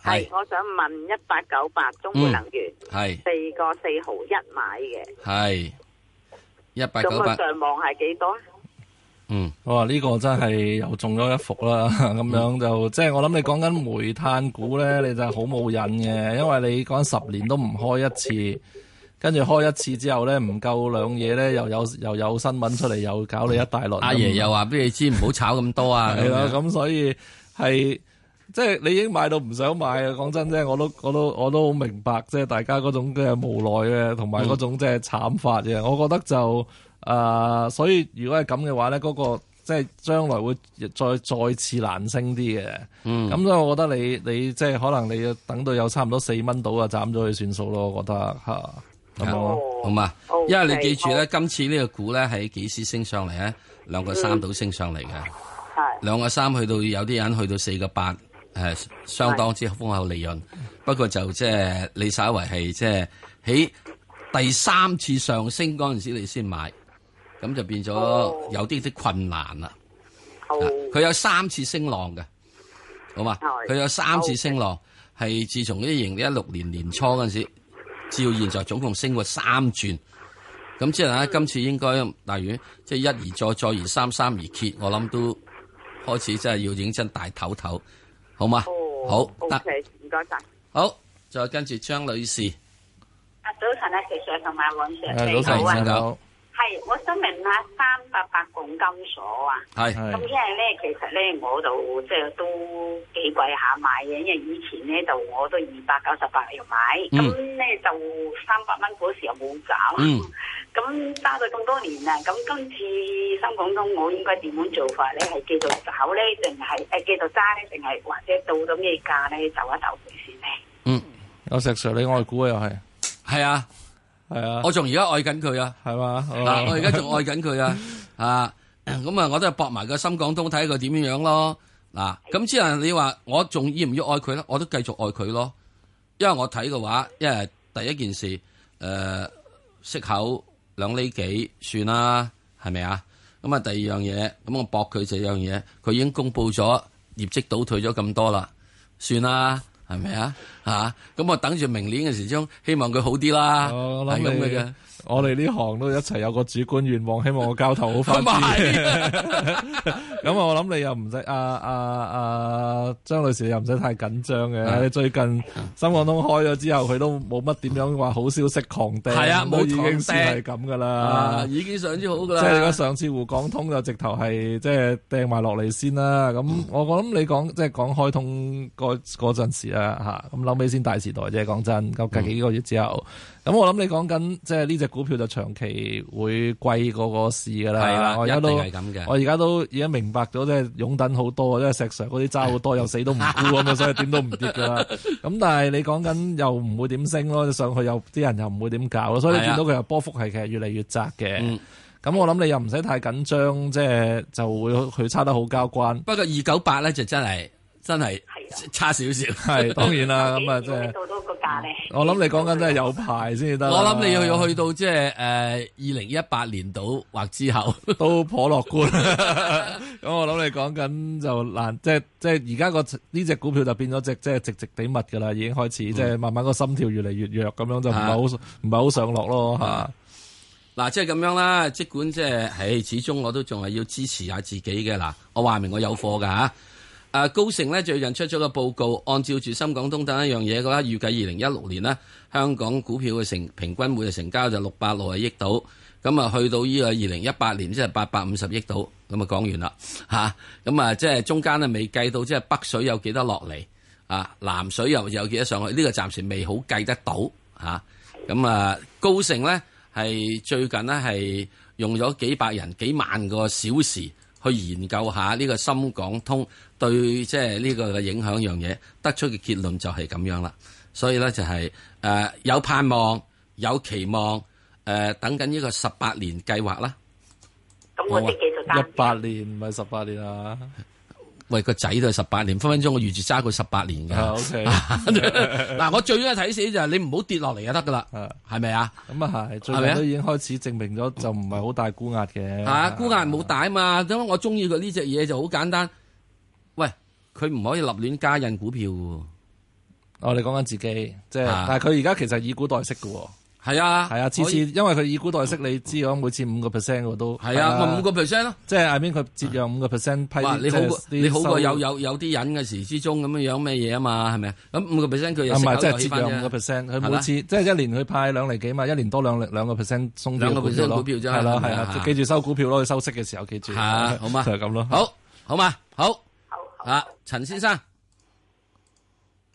係，我想問一八九八中煤能源係四個四毫一買嘅，係一八九八。咁個上望係幾多啊？嗯，我話呢個真係又中咗一伏啦，咁 樣就即係我諗你講緊煤炭股咧，你就係好冇癮嘅，因為你講十年都唔開一次，跟住開一次之後咧，唔夠兩嘢咧，又有又有新聞出嚟，又搞你一大輪。阿爺又話俾你知唔好炒咁多啊，咁所以係即係你已經買到唔想買啊！講真啫，我都我都我都好明白，即係大家嗰種嘅無奈嘅，同埋嗰種即係慘法嘅，我覺得就。 誒，uh, 所以如果係咁嘅話咧，嗰、那個即係將來會再再次難升啲嘅。咁所以我覺得你你即係可能你等到有差唔多四蚊到啊，斬咗佢算數咯。我覺得吓，啊、好嘛、哦， 因為你記住咧，好今次呢個股咧喺幾時升上嚟咧？兩個三到升上嚟嘅，兩、嗯、個三去到有啲人去到四個八，誒，相當之豐厚利潤。的不過就即係、就是、你稍為係、就是、即係喺第三次上升嗰陣時，你先買。咁就變咗有啲啲困難啦。佢有三次升浪嘅，好嘛？佢有三次升浪，係自從呢二零一六年年初嗰陣時，至到現在總共升過三轉。咁之係之後咧，今次應該大院，即係一而再，再而三，三而竭。我諗都開始真係要認真大唞唞，好嘛？好，唔該晒。好，再跟住張女士。啊，早晨啊，其實同埋黃小姐，早晨，陳九。係，我想問下三百八港交所啊，咁是因為咧，其實咧我就即係都幾貴下買嘅，因為以前咧就我都二百九十八嚟買，咁咧就三百蚊嗰時又冇搞，咁揸咗咁多年啦，咁今次深港通我應該點樣做法咧？係繼續走咧，定係誒繼續揸咧，定係或者到到咩價咧就一就佢先咧？嗯，有石 Sir 你外估啊又係，係啊。係、oh，啊，我仲而家愛緊佢 啊，係嘛？嗱，我而家仲愛緊佢啊，啊，咁啊，我都係搏埋個深港通睇佢點樣樣咯。嗱，咁之後，你話我仲要唔要愛佢咧？我都繼續愛佢咯，因為我睇嘅話，因為第一件事，誒、呃，息口兩厘幾算啦，係咪啊？咁啊，第二樣嘢，咁我搏佢就樣嘢，佢已經公布咗業績倒退咗咁多啦，算啦。係咪啊？吓，咁我等住明年嘅時將，希望佢好啲啦。係咁嘅。我哋呢行都一齊有個主觀願望，希望個交投好發咁 是啊， 我諗你又唔使啊啊啊張女士又唔使太緊張嘅。嗯、你最近深港通開咗之後，佢都冇乜點樣話好消息狂掟，係啊冇，已經係咁噶啦，已經上咗好噶啦。即係如果上次滬港通就直頭係即係掟埋落嚟先啦。咁、嗯、我諗你講即係講開通嗰嗰陣時啦吓，咁、啊、後尾先大時代即係。講真，咁隔幾個月之後。嗯咁我諗你講緊，即係呢隻股票就長期會貴過個市噶啦。係啦的，我都一定係咁嘅。我而家都已經明白咗，即係擁躉好多，即係石上嗰啲揸好多， 又死都唔沽咁啊，所以點都唔跌噶啦。咁 但係你講緊又唔會點升咯，上去又啲人又唔會點搞咯，所以見到佢個波幅係其實越嚟越窄嘅。咁的我諗你又唔使太緊張，即係就會佢差得好交關。不過二九八咧就真係。真係差少少，係當然啦，咁、嗯、啊，即係。我諗你講緊真係有排先得。我諗你又要去到即係誒二零一八年度或之後 都頗樂觀。咁 我諗你講緊就難，即係即係而家個呢隻、這個、股票就變咗隻即係直直哋物噶啦，已經開始、嗯、即係慢慢個心跳越嚟越弱，咁樣就唔係好唔係、啊、好上落咯吓。嗱、啊啊 啊，即係咁樣啦，即管即係，誒，始終我都仲係要支持下自己嘅。嗱，我話明我有貨噶吓。啊，高盛咧最近出咗個報告，按照住深港通等一樣嘢嘅話，預計二零一六年咧香港股票嘅成平均每日成交就六百六十億到，咁啊去到呢個二零一八年即係八百五十億到，咁啊講完啦吓，咁啊即係中間咧未計到即係北水有幾多落嚟，啊南水又有幾多上去，呢個暫時未好計得到吓，咁啊高盛呢，係最近咧係用咗幾百人幾萬個小時。去研究下呢個深港通對即係呢個嘅影響樣嘢，得出嘅結論就係咁樣啦。所以咧就係、是、誒、呃、有盼望，有期望誒、呃、等緊呢個十八年計劃啦。咁我一八年唔係十八年啊。 喂，個仔都係十八年，分分鐘我預住揸佢十八年噶、啊。嗱，Yeah, okay. 我最一睇死就係你唔好跌落嚟就得噶啦，係咪 Yeah. 啊？咁 啊係，最尾都已經開始證明咗就唔係好大估壓嘅。吓、嗯，yeah, 股壓冇大啊嘛，因為我中意佢呢隻嘢就好簡單。喂，佢唔可以立亂加印股票。我哋講緊自己，即、就、係、是，Yeah. 但係佢而家其實以股代息嘅。係啊，係啊，次次因為佢以股代息，你知咗，每次五個 percent 嘅都係啊，五個 percent 咯，即係阿邊佢折讓五個 percent 批。你好過你好過有有有啲人嘅時之中咁樣樣咩嘢啊嘛，係咪啊？咁五個 percent 佢啊唔係即係折讓五個 percent，佢每次即係一年佢派兩厘幾嘛，一年多兩兩兩個 percent 送啲，兩個股票啫，係咯啊，記住收股票咯，收息嘅時候記住吓，好嘛，就係咁咯，好，好嘛，好啊，陳先生，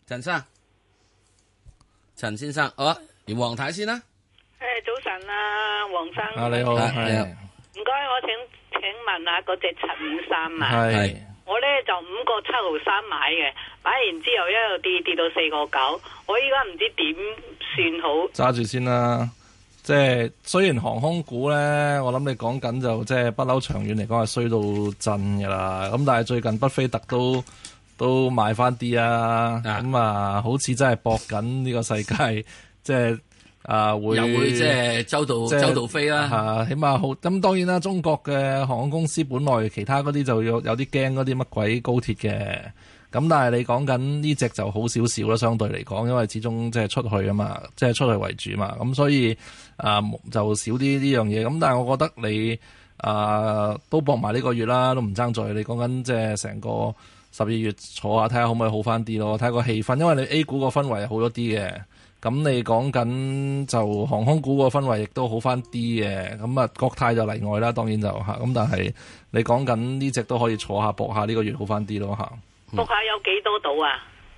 陳生，陳先生，好啊，連黃太先啦。誒，hey，早晨啊，黃生。啊，你好，唔該。我請請問下嗰隻七五三啊，是我咧就五個七毫三買嘅，買完之後一路跌跌到四個九，我依家唔知點算好。揸住先啦，即係雖然航空股咧，我諗你講緊就是，即係不嬲，長遠嚟講係衰到震噶啦。咁但係最近巴菲特都都買翻啲啊，咁啊的，好似真係搏緊呢個世界，即係。即啊，會又會即係周到，周到飛啦、啊。啊，起碼好。咁、嗯、當然啦，中國嘅航空公司本來其他嗰啲就有有啲驚嗰啲乜鬼高鐵嘅。咁、嗯、但係你講緊呢隻就好少少啦，相對嚟講，因為始終即係出去啊嘛，即、就、係、是、出去為主嘛。咁、嗯、所以啊，就少啲呢樣嘢。咁、嗯、但係我覺得你啊都搏埋呢個月啦，都唔爭在你講緊即係成個十二月坐下睇下可唔可以好返啲咯。睇個氣氛，因為你 A 股個氛圍好咗啲嘅。咁、嗯、你講緊就航空股個氛圍亦都好翻啲嘅，咁啊國泰就例外啦，當然就吓。咁、嗯、但係你講緊呢隻都可以坐下搏下呢個月好翻啲咯吓。嗯、搏下有幾多度啊？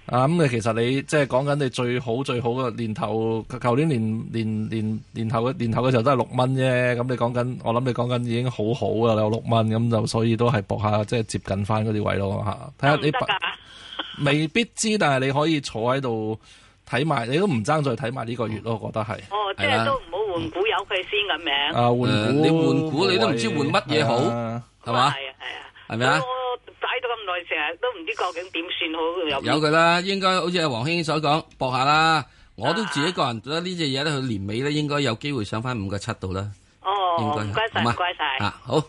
啊、嗯，咁你其實你即係講緊你最好最好嘅年頭，舊年年年年年頭嘅年頭嘅時候都係六蚊啫。咁、嗯、你講緊，我諗你講緊已經好好噶啦，有六蚊咁就所以都係搏下，即、就、係、是、接近翻嗰啲位咯吓。睇、嗯、下你行行未必知，但係你可以坐喺度。 睇埋你都唔爭再睇埋呢個月咯，我覺得係。哦，即係都唔好換股有佢先嘅名。啊，換股你換股，你都唔知換乜嘢好，係嘛？係啊係啊，係咪啊？我擺到咁耐，成日都唔知究竟點算好有。有佢啦，應該好似阿黃兄所講，搏下啦。我都自己個人覺得呢隻嘢咧，佢年尾咧應該有機會上翻五個七度啦。哦，唔該曬唔該曬。啊好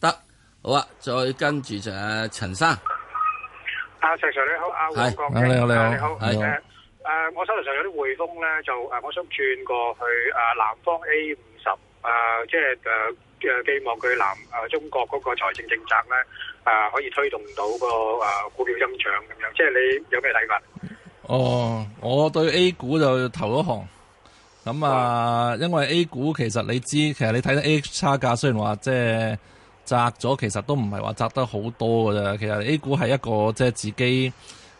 得好啊，再跟住就阿陳生。阿卓卓你好，阿黃國英。係，你好你好。係嘅。誒，我手頭上有啲匯豐咧，就誒，我想轉過去誒南方 A 五十，誒，即係誒誒，寄望佢南誒中國嗰個財政政策咧，誒，可以推動到個誒股票陰長咁樣。即係你有咩睇法？哦，我對 A 股就投咗行。咁、嗯、啊，因為 A 股其實你知，其實你睇得 A H 差價，雖然話即係窄咗，其實都唔係話窄得好多嘅啫。其實 A 股係一個即係自己。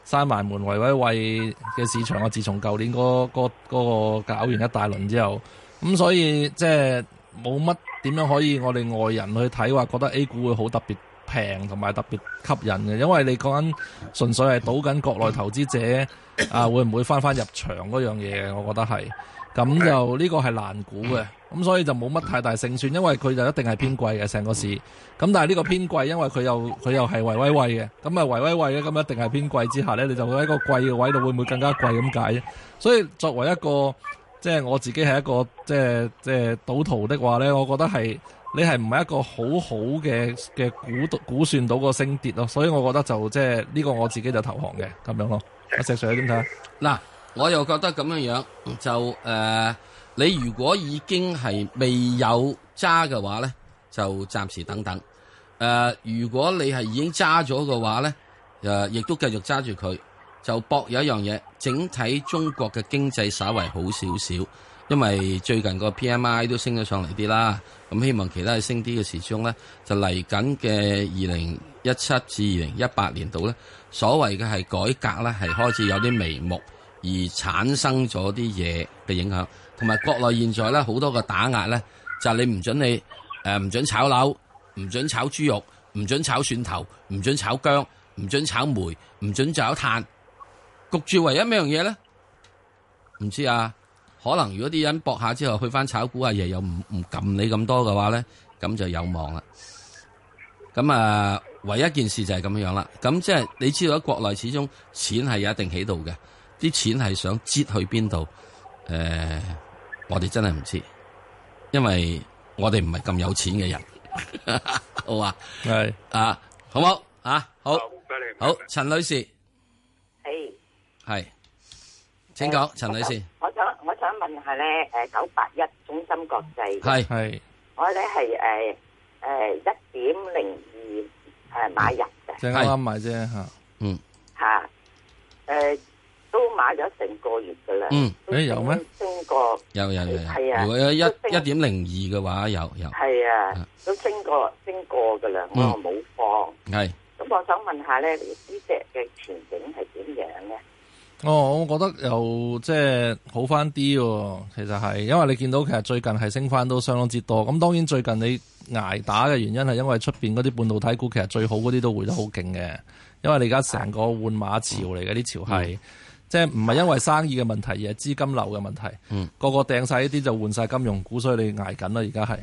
閂埋門圍威喂嘅市場，我自從舊年嗰、那、嗰、個那個搞完一大輪之後，咁、嗯、所以即係冇乜點樣可以我哋外人去睇話覺得 A 股會好特別平同埋特別吸引嘅。因為你講緊純粹係賭緊國內投資者啊會唔會翻翻入場嗰樣嘢，我覺得係咁就呢個係難估嘅。咁、嗯、所以就冇乜太大勝算，因為佢就一定係偏貴嘅成個市。咁但係呢個偏貴，因為佢又佢又係維威威嘅，咁啊維威威咧，咁一定係偏貴之下咧，你就會喺一個貴嘅位度，會唔會更加貴咁解？所以作為一個即係、就是、我自己係一個即係即係賭徒的話咧，我覺得係你係唔係一個好好嘅嘅估估算到個升跌咯？所以我覺得就即係呢個我自己就投降嘅咁樣咯。阿石 Sir 點睇？嗱，我又覺得咁嘅樣就誒。呃你如果已經係未有揸嘅話呢，就暫時等等。誒、呃，如果你係已經揸咗嘅話呢，誒、呃，亦都繼續揸住佢，就博有一樣嘢。整體中國嘅經濟稍為好少少，因為最近個 PMI 都升咗上嚟啲啦。咁希望其他係升啲嘅時鐘呢，就嚟緊嘅二零一七至二零一八年度呢，所謂嘅係改革呢，係開始有啲眉目，而產生咗啲嘢嘅影響。同埋國內現在咧，好多個打壓咧，就係、你唔准，你誒，唔、呃、准炒樓，唔准炒豬肉，唔准炒蒜頭，唔准炒薑，唔准炒煤，唔准炒炭，焗住唯一咩樣嘢咧？唔知啊，可能如果啲人搏下之後，去翻炒股啊，又有唔唔撳你咁多嘅話咧，咁就有望啦。咁啊，唯一件事就係咁樣樣啦。咁即係你知道喺國內始終錢係有一定喺度嘅，啲錢係想擠去邊度誒？呃我哋真係唔知，因為我哋唔係咁有錢嘅人。 好話嗎係是啊，好唔好啊？好，好，陳女士，係係 Hey.，請講，陳女士，呃、我想我想問下咧，誒，九八一中芯國際係係，是我哋係誒誒一點零二誒買入嘅，即係啱啱買啫吓，嗯。有成個，個月噶啦，嗯，誒，有咩升過？欸、有有過有，係啊，如果一一點零二嘅話，有有，係啊，啊都升過升過噶啦，嗯、我冇放。係是，咁我想問下咧，呢隻嘅前景係點樣咧？哦，我覺得又即係好翻啲，其實係，因為你見到其實最近係升翻都相當之多。咁當然最近你捱打嘅原因係因為出邊嗰啲半導體股其實最好嗰啲都回得好勁嘅，因為你而家成個換馬潮嚟嘅啲潮係。嗯嗯即係唔係因為生意嘅問題，而係資金流嘅問題。嗯，個個掟晒呢啲就換晒金融股，所以你挨緊啦，而家係。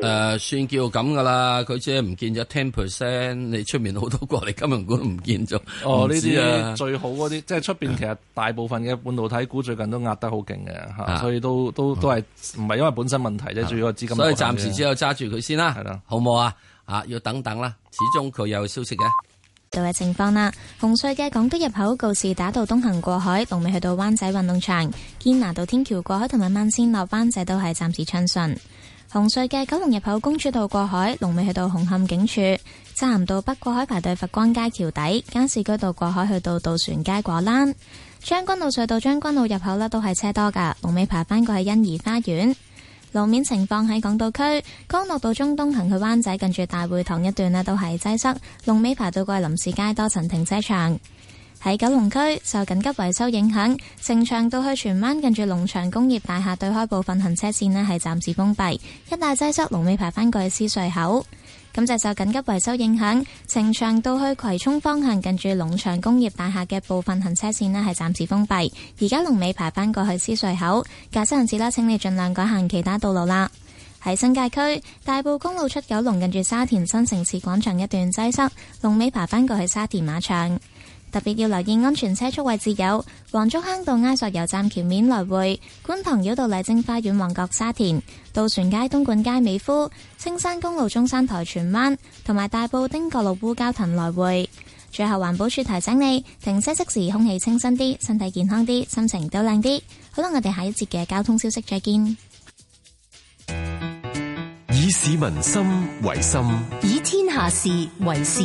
誒，算叫咁噶啦，佢即係唔見咗 ten percent，你出面好多國力金融股都唔見咗。哦，呢啲最好嗰啲，即係出邊其實大部分嘅半導體股最近都壓得好勁嘅吓，啊、所以都都都係唔係因為本身問題啫，主要係資金。嗯、所以暫時只有揸住佢先啦。係啦，好唔好啊？啊，要等等啦，始終佢有消息嘅。道嘅情況啦，紅隧嘅港島入口告士打道東行過海，龍尾去到灣仔運動場；堅拿道天橋過海同埋慢綫落灣仔都係暫時暢順。紅隧嘅九龍入口公主道過海，龍尾去到紅磡警署；漆咸道北過海排隊佛光街橋底，加士居道過海去到渡船街果欄；將軍澳隧道將軍澳入口咧都係車多噶，龍尾排翻過去欣怡花園。路面情況，喺港島區，干諾道中東行去灣仔近住大會堂一段呢都係擠塞，龍尾排到過林士街多層停車場；喺九龍區受緊急維修影響，呈祥道去荃灣近住農場工業大廈對開部分行車線呢係暫時封閉，一帶擠塞，龍尾排翻過去獅隧口。咁就受緊急維修影響，呈祥道去葵涌方向近住龍翔工業大廈嘅部分行車線呢係暫時封閉。而家龍尾排返過去獅隧口，駕車人士啦，請你盡量改行其他道路啦。喺新界區大埔公路出九龍，近住沙田新城市廣場一段擠塞，龍尾排返過去沙田馬場。特別要留意安全車速位置有黃竹坑道埃索油站橋面來回，觀塘繞道麗晶花園、旺角沙田、渡船街東莞街美孚、青山公路中山台荃灣同埋大埔汀角路烏蛟騰來回。最後環保署提醒你，停車即時空氣清新啲，身體健康啲，心情都靚啲。好啦，我哋下一節嘅交通消息再見。以市民心為心，以天下事為事。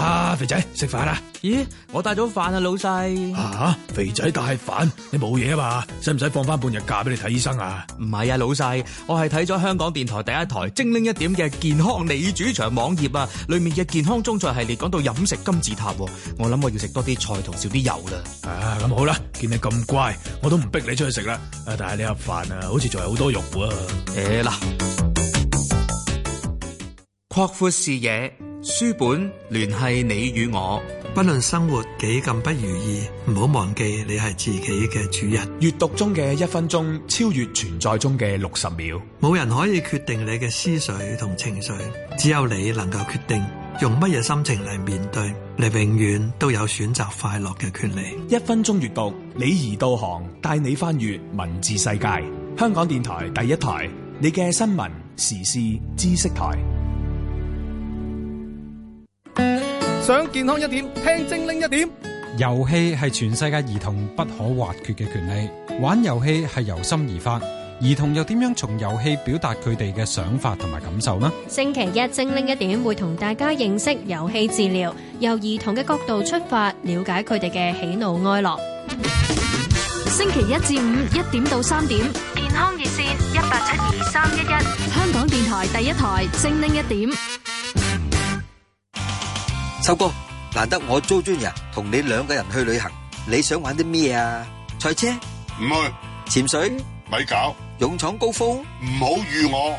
啊，肥仔食飯啊！咦、欸，我帶咗飯啊，老細。啊，肥仔帶飯，你冇嘢啊嘛？使唔使放翻半日假俾你睇醫生啊？唔係啊，老細，我係睇咗香港電台第一台精靈一點嘅健康你主場網頁啊，裏面嘅健康中菜系列講到飲食金字塔喎、啊，我諗我要食多啲菜同少啲油啦。啊，咁好啦，見你咁乖，我都唔逼你出去食啦。啊，但係你盒飯啊，好似仲有好多肉啊。誒、欸，嗱，擴闊視野。書本聯繫你與我，不論生活幾咁不如意，唔好忘記你係自己嘅主人。閱讀中嘅一分鐘，超越存在中嘅六十秒。冇人可以決定你嘅思緒同情緒，只有你能夠決定用乜嘢心情嚟面對。你永遠都有選擇快樂嘅權利。一分鐘閱讀，為你導航，帶你翻閱文字世界。香港電台第一台，你嘅新聞時事知識台。想健康一點，聽精靈一點。遊戲係全世界兒童不可或缺嘅權利。玩遊戲係由心而發，兒童又點樣從遊戲表達佢哋嘅想法同埋感受呢？星期一精靈一點會同大家認識遊戲治療，由兒童嘅角度出發，了解佢哋嘅喜怒哀樂。星期一至五一點到三點，健康熱線一八七二三一一，香港電台第一台精靈一點。收哥，難得我租尊人同你兩個人去旅行，你想玩啲咩啊？賽車唔去，會潛水咪搞，勇闖高峰唔好預我，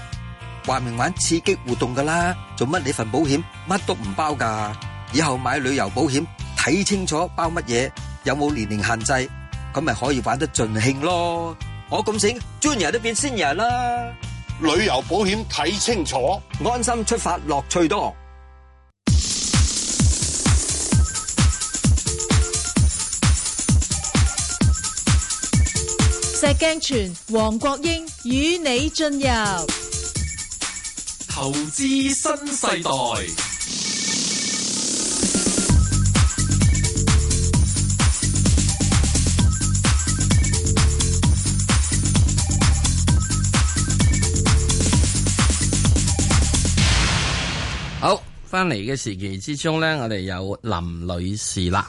話明玩刺激活動噶啦。做乜你份保險乜都唔包噶？以後買旅遊保險睇清楚包乜嘢，有冇年齡限制，咁咪可以玩得盡興咯。我咁醒，尊人都變仙人啦。旅遊保險睇清楚，安心出發，樂趣多。石鏡泉，黃國英與你進入投資新世代。好，翻嚟嘅時期之中呢，我哋有林女士啦。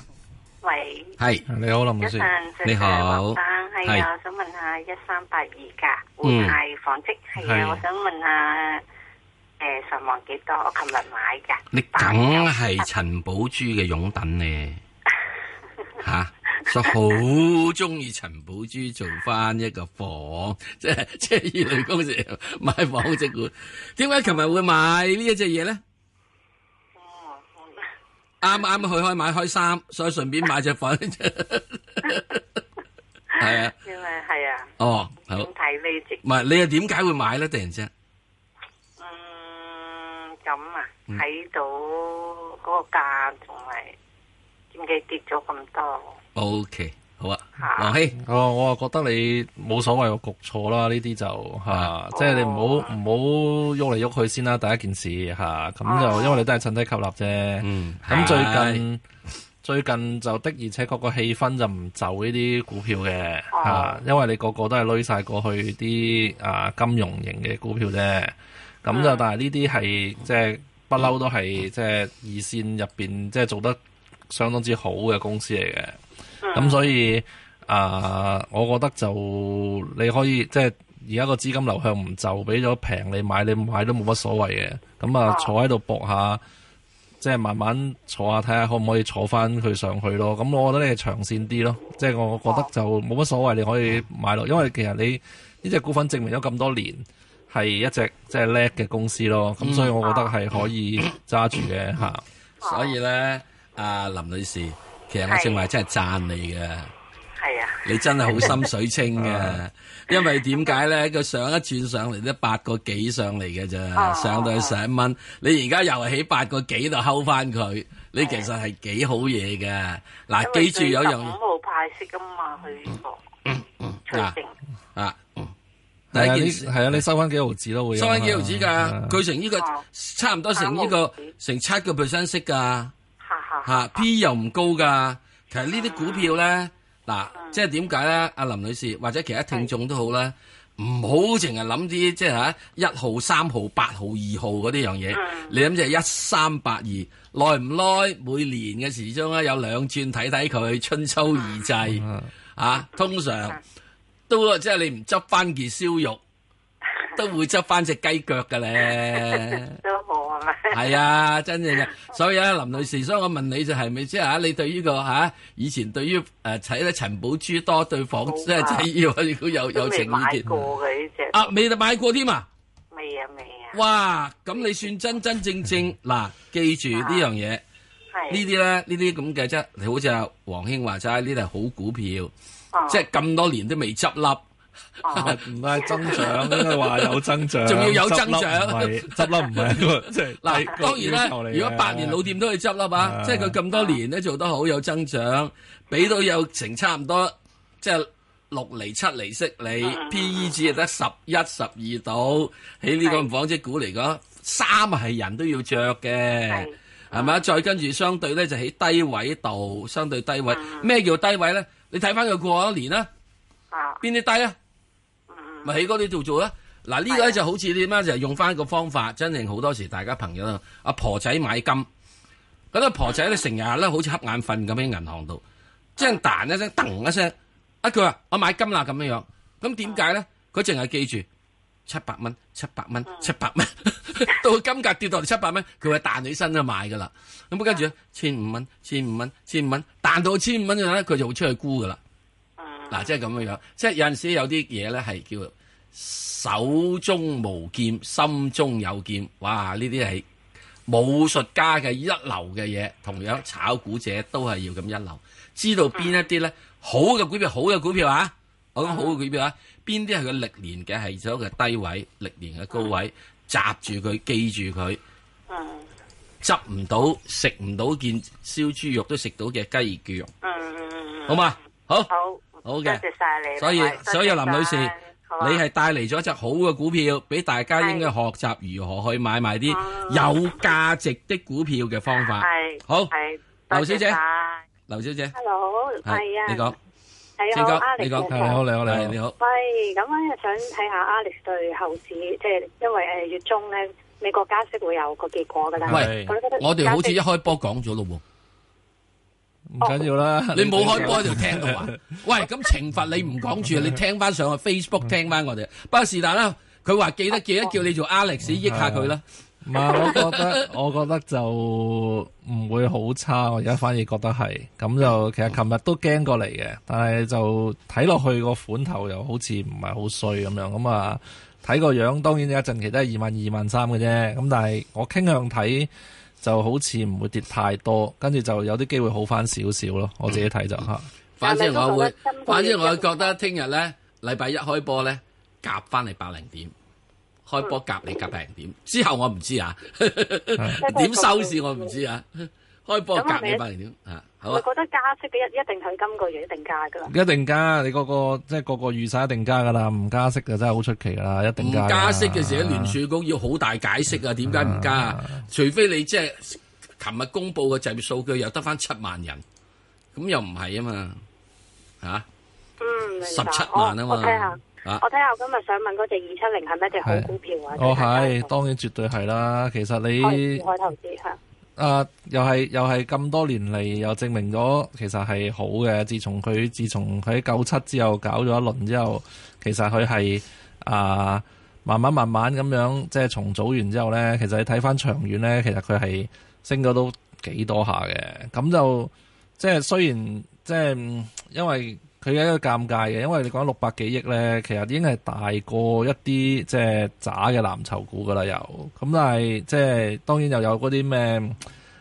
喂，係是你好，林女士，你好。係啊，我想問下一三八二㗎會係紡織，係啊，我想問下誒、嗯是呃、上網幾多？我琴日買嘅，你梗係陳寶珠嘅擁躉咧嚇，所以好中意陳寶珠做翻一個房，即係即係二類工時買紡織管。點解琴日會買呢一隻嘢咧？哦、嗯，啱、嗯、啱去開買,買開衫，所以順便買隻紡。 係啊，因為係啊，哦，好，睇呢隻，唔係你又點解會買咧，突然之間？嗯，咁啊，睇到嗰個價同埋點解跌咗咁多？O K，好啊，吓，嘿，我我啊覺得你冇所謂，局錯啦，呢啲就吓，即係你唔好唔好喐嚟喐去先啦，第一件事吓，咁就因為你都係趁低吸納啫，嗯，咁最近。最近就的，而且確個氣氛就唔就呢啲股票嘅，嚇、啊啊，因為你個個都係攞晒過去啲啊金融型嘅股票啫。咁就但係呢啲係即係不嬲都係即係二線入邊即係做得相當之好嘅公司嚟嘅。咁、嗯、所以啊，我覺得就你可以即係而家個資金流向唔就俾咗平你買你，買你買都冇乜所謂嘅。咁啊，坐喺度搏下。即係慢慢坐下睇下可唔可以坐翻佢上去咯。咁、嗯、我覺得你長線啲咯。即係我覺得就冇乜所謂，你可以買落。因為其實你呢隻股份證明咗咁多年係一隻即係叻嘅公司咯。咁、嗯嗯嗯、所以我覺得係可以揸住嘅嚇。所以咧，阿林女士， 其實我先話真係讚你嘅。你真係好心水清嘅， 嗯、因為點解咧？佢上一轉上嚟都八個幾上嚟嘅咋，上到，嗯、上去十一蚊。你而家又喺八個幾度摳翻佢，你其實係幾好嘢嘅。嗱，記住有一樣，五號派息啊嘛，佢個，啊，嗯，啊，啊，第一件係啊，你收翻幾毫紙咯，會收翻幾毫紙噶，佢成呢個差唔多成呢，這個成七個 percent 息噶，啊，吓，吓，啊，P 又唔高噶。其實呢啲股票咧，嗱。 即係點解咧？阿林女士或者其他聽眾都好咧，唔好淨係諗啲即係嚇一號、三號、八號、二號嗰啲樣嘢。嗯、你諗就係一三八二，耐唔耐每年嘅時鐘咧有兩轉看看，睇睇佢春秋二季啊，啊。通常都即係你唔執番件燒肉。都會執翻隻雞腳嘅咧，都好啊！係啊，真正嘅，所以啊，林女士，所以我問你就係咪即係啊？你對呢個嚇以前對於誒睇咧陳寶珠多對房即係真要有有情意結，都未買過嘅呢隻啊，未啊買過添啊！未啊未啊！哇！咁你算真真正正嗱，記住呢樣嘢，呢啲咧呢啲咁嘅啫。你好似阿黃興華話齋，呢啲係好股票，即係咁多年都未執笠。唔係增長，都係話有增長，仲要有增長，執笠唔係，執即係嗱。當然啦。如果百年老店都可以執笠嘛，即係佢咁多年咧做得好，有增長，俾到有成差唔多，即係六厘七厘息，你 P E 只係得十一十二度，喺呢個紡織股嚟講，衫係人都要着嘅，係咪？再跟住相對咧就喺低位度，相對低位，咩叫低位咧？你睇翻佢過往一年啦，邊啲低啊？咪喺嗰啲度做啦，嗱、啊、呢、呢個咧，就好似點咧，就用翻一個方法。真正好多時大家朋友啊，阿婆仔買金，咁阿婆仔咧成日咧好似瞌眼瞓咁喺銀行度，即係彈一聲，噔一聲，啊佢話我買金啦咁樣樣，咁點解咧？佢淨係記住七百蚊，七百蚊，七百蚊，百 到金價跌到七百蚊，佢會彈起身就買噶啦，咁跟住咧千五蚊，千五蚊，千五蚊，彈到千五蚊嗰陣咧，佢就會出去沽噶啦。嗱，即係咁嘅樣，即係有陣時有啲嘢咧係叫手中無劍，心中有劍。哇！呢啲係武術家嘅一流嘅嘢，同樣炒股者都係要咁一流，知道邊一啲咧好嘅股票，好嘅股票啊！我講好嘅股票啊，邊啲係佢歷年嘅係所謂嘅低位，歷年嘅高位，閘住佢，記住佢，嗯，執唔到，食唔到件燒豬肉都食到嘅雞腳肉，嗯，好嘛，好。好嘅，謝晒你。所以，所有林女士，你係帶嚟咗一隻好嘅股票俾大家，應該學習如何去買賣啲有價值的股票嘅方法。係好，劉小姐，劉小姐，hello，係啊，你講，你好，Alex，你好，你好，你好，你好，喂，咁啊，想睇下 Alex 對後市，即係因為誒月中咧，美國加息會有個結果㗎啦。喂，我哋好似一開波講咗咯。唔緊要啦，你冇開波就聽到啊！ 喂，咁懲罰你唔講住， 你聽翻上去 Facebook 聽翻我哋。不過是但啦，佢話記得記得叫你做 Alex 益下佢啦。唔係，我覺得我覺得就唔會好差，我而家反而覺得係咁就其實琴日都驚過嚟嘅，但係就睇落去個款頭又好似唔係好衰咁樣咁啊！睇個樣，當然有一陣期都係二萬二萬三嘅啫，咁但係我傾向睇。就好似唔會跌太多，跟住就有啲機會好翻少少咯。我自己睇就吓，嗯、反正我會，反正我會覺得聽日咧，禮拜一開波咧，夾翻嚟百零點，開波夾你百零點，之後我唔知啊，點 收市我唔知啊。開波隔年八零點，啊我覺得加息嘅，一一定係今個月一定加噶啦，一定加。你個個即係個個預晒一定加噶啦，唔加息就真係好出奇啦，一定加。唔加息嘅時，聯儲局要好大解釋啊，點解唔加啊？除非你即係琴日公布嘅就業數據又得翻七萬人，咁又唔係啊嘛？吓，嗯，十七萬啊嘛。我睇下，我今日想問嗰隻二七零係咪隻好股票啊？哦，係，當然絕對係啦。其實你開投資吓。啊！又係又係咁多年嚟，又證明咗其實係好嘅。自從佢自從喺九七之後搞咗一輪之後，其實佢係啊，慢慢慢慢咁樣即係重組完之後咧，其實你睇翻長遠咧，其實佢係升咗都幾多下嘅。咁就即係雖然即係因為。佢有一個尷尬嘅，因為你講六百幾億咧，其實已經係大過一啲即係渣嘅藍籌股噶啦，又咁但係即係當然又有嗰啲咩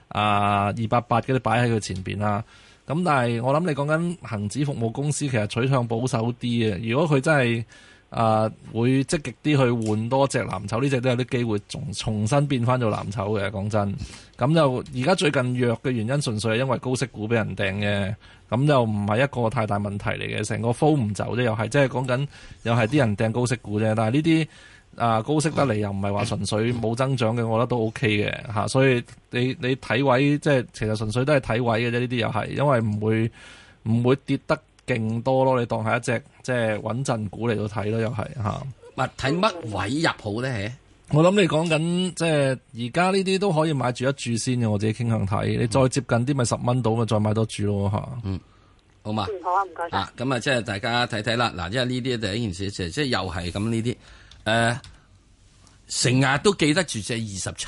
啊二八八嗰啲擺喺佢前邊啦。咁但係我諗你講緊恒指服務公司其實取向保守啲啊，如果佢真係。啊，會積極啲去換多隻藍籌，呢隻都有啲機會重重新變返做藍籌嘅。講真，咁就而家最近弱嘅原因，純粹係因為高息股俾人掟嘅，咁又唔係一個太大問題嚟嘅。成個 flow 唔走啫，又係即係講緊又係啲人掟高息股啫。但係呢啲啊高息得嚟又唔係話純粹冇增長嘅，我覺得都 O K 嘅嚇。所以你你睇位即係其實純粹都係睇位嘅啫。呢啲又係因為唔會唔會跌得，勁多咯，你當係一隻即係穩陣股嚟到睇咯，又係吓。咪睇乜位入好咧？我諗你講緊即係而家呢啲都可以買住一注先嘅，我自己傾向睇。嗯、你再接近啲咪十蚊到咪再買多注咯吓。啊、嗯，好嘛、嗯。好啊，唔該咁啊，即係大家睇睇啦。嗱、啊，因為呢啲第一件事就係即係又係咁呢啲。誒、啊，成日都記得住隻二十七，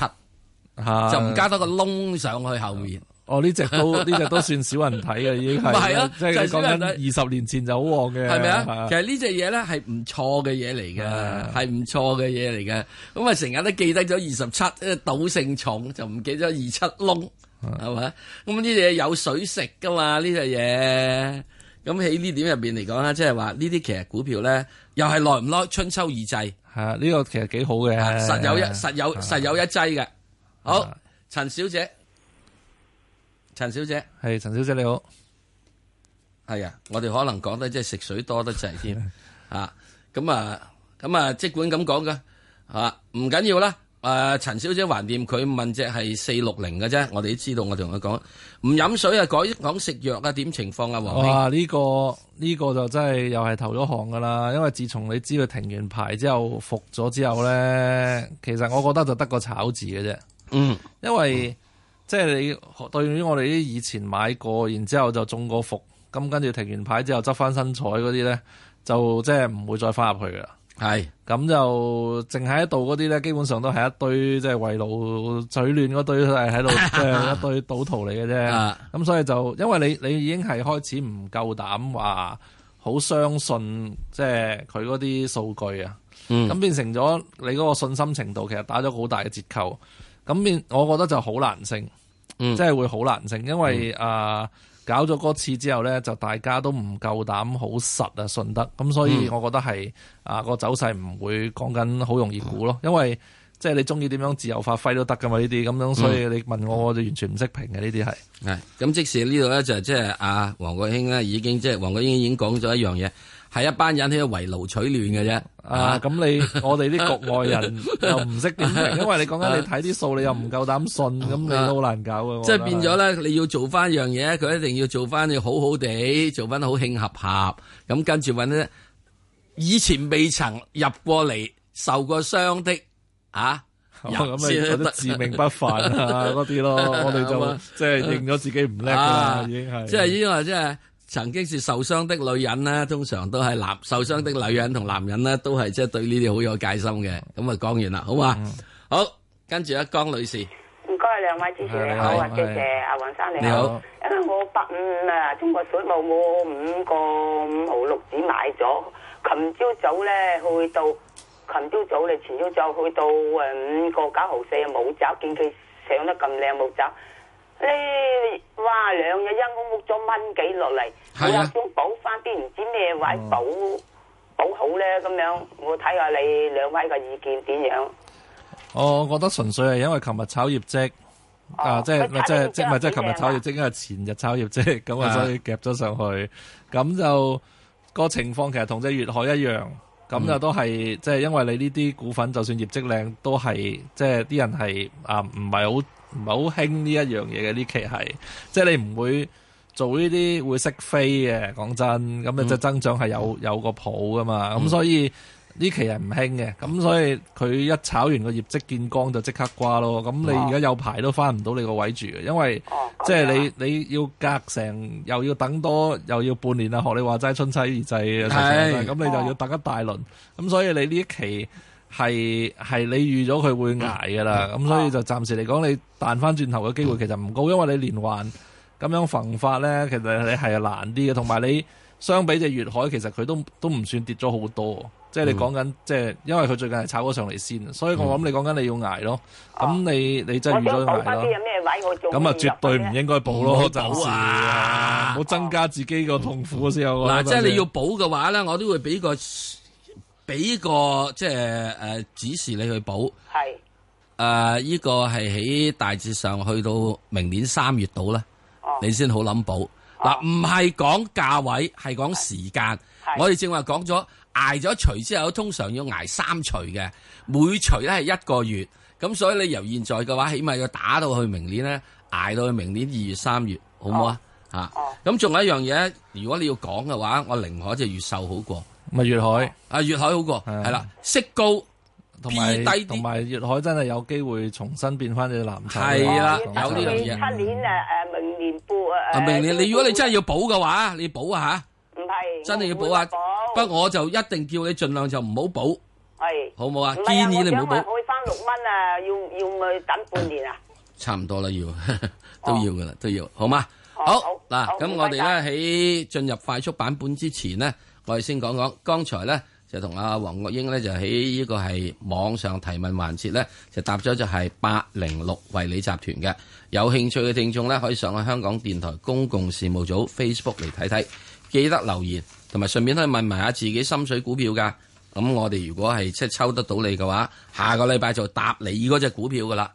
就唔加多個窿上去後面。哦，呢隻都呢隻 都算少人睇嘅，已經係，啊、即係講緊二十年前就好旺嘅。係咪吧啊？其實呢隻嘢咧係唔錯嘅嘢嚟嘅，係唔錯嘅嘢嚟嘅。咁啊成日都記得咗二十七，倒性重就唔記咗二七窿，係咪、啊？咁呢隻嘢有水食噶嘛？呢隻嘢咁喺呢點入邊嚟講咧，即係話呢啲其實股票咧又係耐唔耐春秋二祭。係啊，呢、這個其實幾好嘅、啊。實有一實有實有一劑嘅。好，陳小姐。陳小姐係，陳小姐你好，係啊，我哋可能講得即係食水多得滯添啊，咁啊咁啊，即管咁講噶啊，唔緊要啦。誒、啊，陳小姐還掂佢問只係四六零嘅啫，我哋都知道我。我同佢講唔飲水啊，改講食藥啊，點情況啊？哇，呢、這個呢、這個就真係又係投咗行噶啦，因為自從你知道停完牌之後復咗之後咧，其實我覺得就得個炒字嘅啫。嗯，因為。即係你對於我哋啲以前買過，然之後就中過伏，咁跟住停完牌之後執翻身彩嗰啲咧，就即係唔會再翻入去噶。係咁是就淨喺度嗰啲咧，基本上都係一堆即係為老嘴亂嗰堆，係喺度即係一堆賭徒嚟嘅啫。咁、 嗯、所以就因為你你已經係開始唔夠膽話好相信，即係佢嗰啲數據啊。咁、嗯、變成咗你嗰個信心程度其實打咗好大嘅折扣。咁變我覺得就好難勝。嗯，即係會好難升，因為誒、嗯呃、搞咗嗰次之後咧，就大家都唔夠膽好實啊，信得，咁所以我覺得係啊個走勢唔會講緊好容易估咯，嗯、因為即係你中意點樣自由發揮都得噶嘛呢啲，咁樣所以你問我我就完全唔識評嘅呢啲係。係，咁即時呢度咧就係即係阿黃國英咧已經即係黃國英已經講咗一樣嘢。係一班人喺度圍爐取暖嘅啫。啊，咁你我哋啲局外人又唔識點明，因為你講緊你睇啲數，你又唔夠膽信，咁你都好難搞嘅。即係變咗咧，你要做翻樣嘢，佢一定要做翻要好好地做翻好慶合合，咁跟住搵咧以前未曾入過嚟、受過傷的啊，咁啊啲自命不凡啊嗰啲咯，我哋就即係認咗自己唔叻啦，已經係。即係呢個即係。曾經是受傷的女人咧，通常都係男受傷的女人同男人咧，都係即係對呢啲好有戒心嘅。咁啊，講完啦，好嘛？好，跟住阿江女士，唔該兩位主持你，好，多謝。阿黃生你好，因為我八五啊，中國水務我五個五毫六子買咗，琴朝早咧去到，琴朝早你前朝早去到誒五個九毫四冇走，見佢上得咁靚冇走。咧，哇！兩日一公蝦咗蚊幾落嚟，我啊，想補翻啲唔知咩位補補好咧，咁樣我睇下你兩位嘅意見點樣。我覺得純粹係因為琴日炒業績，啊，即係即係即咪即係琴日炒業績，因為前日炒業績，咁啊，所以夾咗上去。咁就個情況其實同隻粵海一樣，咁就都係即係因為你呢啲股份，就算業績靚，都係即係啲人係啊，唔係好。唔係好興呢一樣嘢嘅呢期係，即係你唔會做呢啲會識飛嘅，講真，咁你即增長係有有個譜㗎嘛，咁、嗯、所以呢期係唔興嘅，咁、嗯、所以佢一炒完個業績見光就即刻掛咯，咁、嗯、你而家有排都翻唔到你個位住嘅，因為、嗯、即係你你要隔成又要等多又要半年啊，學你話齋春秋二祭，咁是、嗯、你就要等一大輪，咁所以你呢一期。係係你預咗佢會挨噶啦，咁所以就暫時嚟講，你彈翻轉頭嘅機會其實唔高，因為你連環咁樣焚發咧，其實你係難啲嘅。同埋你相比隻粵海，其實佢都都唔算跌咗好多，即係你講緊即係，因為佢最近係炒咗上嚟先，所以我諗你講緊你要挨、嗯、咯。咁你你真係預咗挨咯？咁啊，絕對唔應該補咯，就係冇增加自己個痛苦先好。嗱、啊，即係你要補嘅話咧，我都會俾個。俾個即係誒指示你去補，係誒依個係喺大致上去到明年三月度啦，哦、你先好諗補。嗱、哦，唔係講價位，係講時間。是我哋正話講咗捱咗除之後，通常要捱三除嘅，每除咧係一個月。咁所以你由現在嘅話，起碼要打到去明年咧，捱到去明年二月三月，好唔好啊？嚇、哦！咁仲、哦哦、有一樣嘢，如果你要講嘅話，我寧可就越秀好過。咪粵海，啊粵海好過，係啦，息高同埋低，同埋粵海真係有機會重新變翻隻藍籌，係啦，有啲樣嘢。七年誒誒，明年補啊。明年你如果你真係要補嘅話，你補下，唔係，真係要補下。不過我就一定叫你盡量就唔好補。係。好唔好啊？建議你唔好補。可以翻六蚊啊？要要唔去等半年啊？差唔多啦，要都要噶啦，都要，好嗎？好嗱，咁我哋咧喺進入快速版本之前呢，我哋先講講剛才呢，就同阿黃國英呢，就喺呢個係網上提問環節呢，就答咗就係八零六惠理集團嘅有興趣嘅聽眾呢，可以上去香港電台公共事務組 Facebook 嚟睇睇，記得留言，同埋順便可以問埋下自己心水股票噶。咁我哋如果係即係抽得到你嘅話，下個禮拜就答你嗰隻股票噶啦。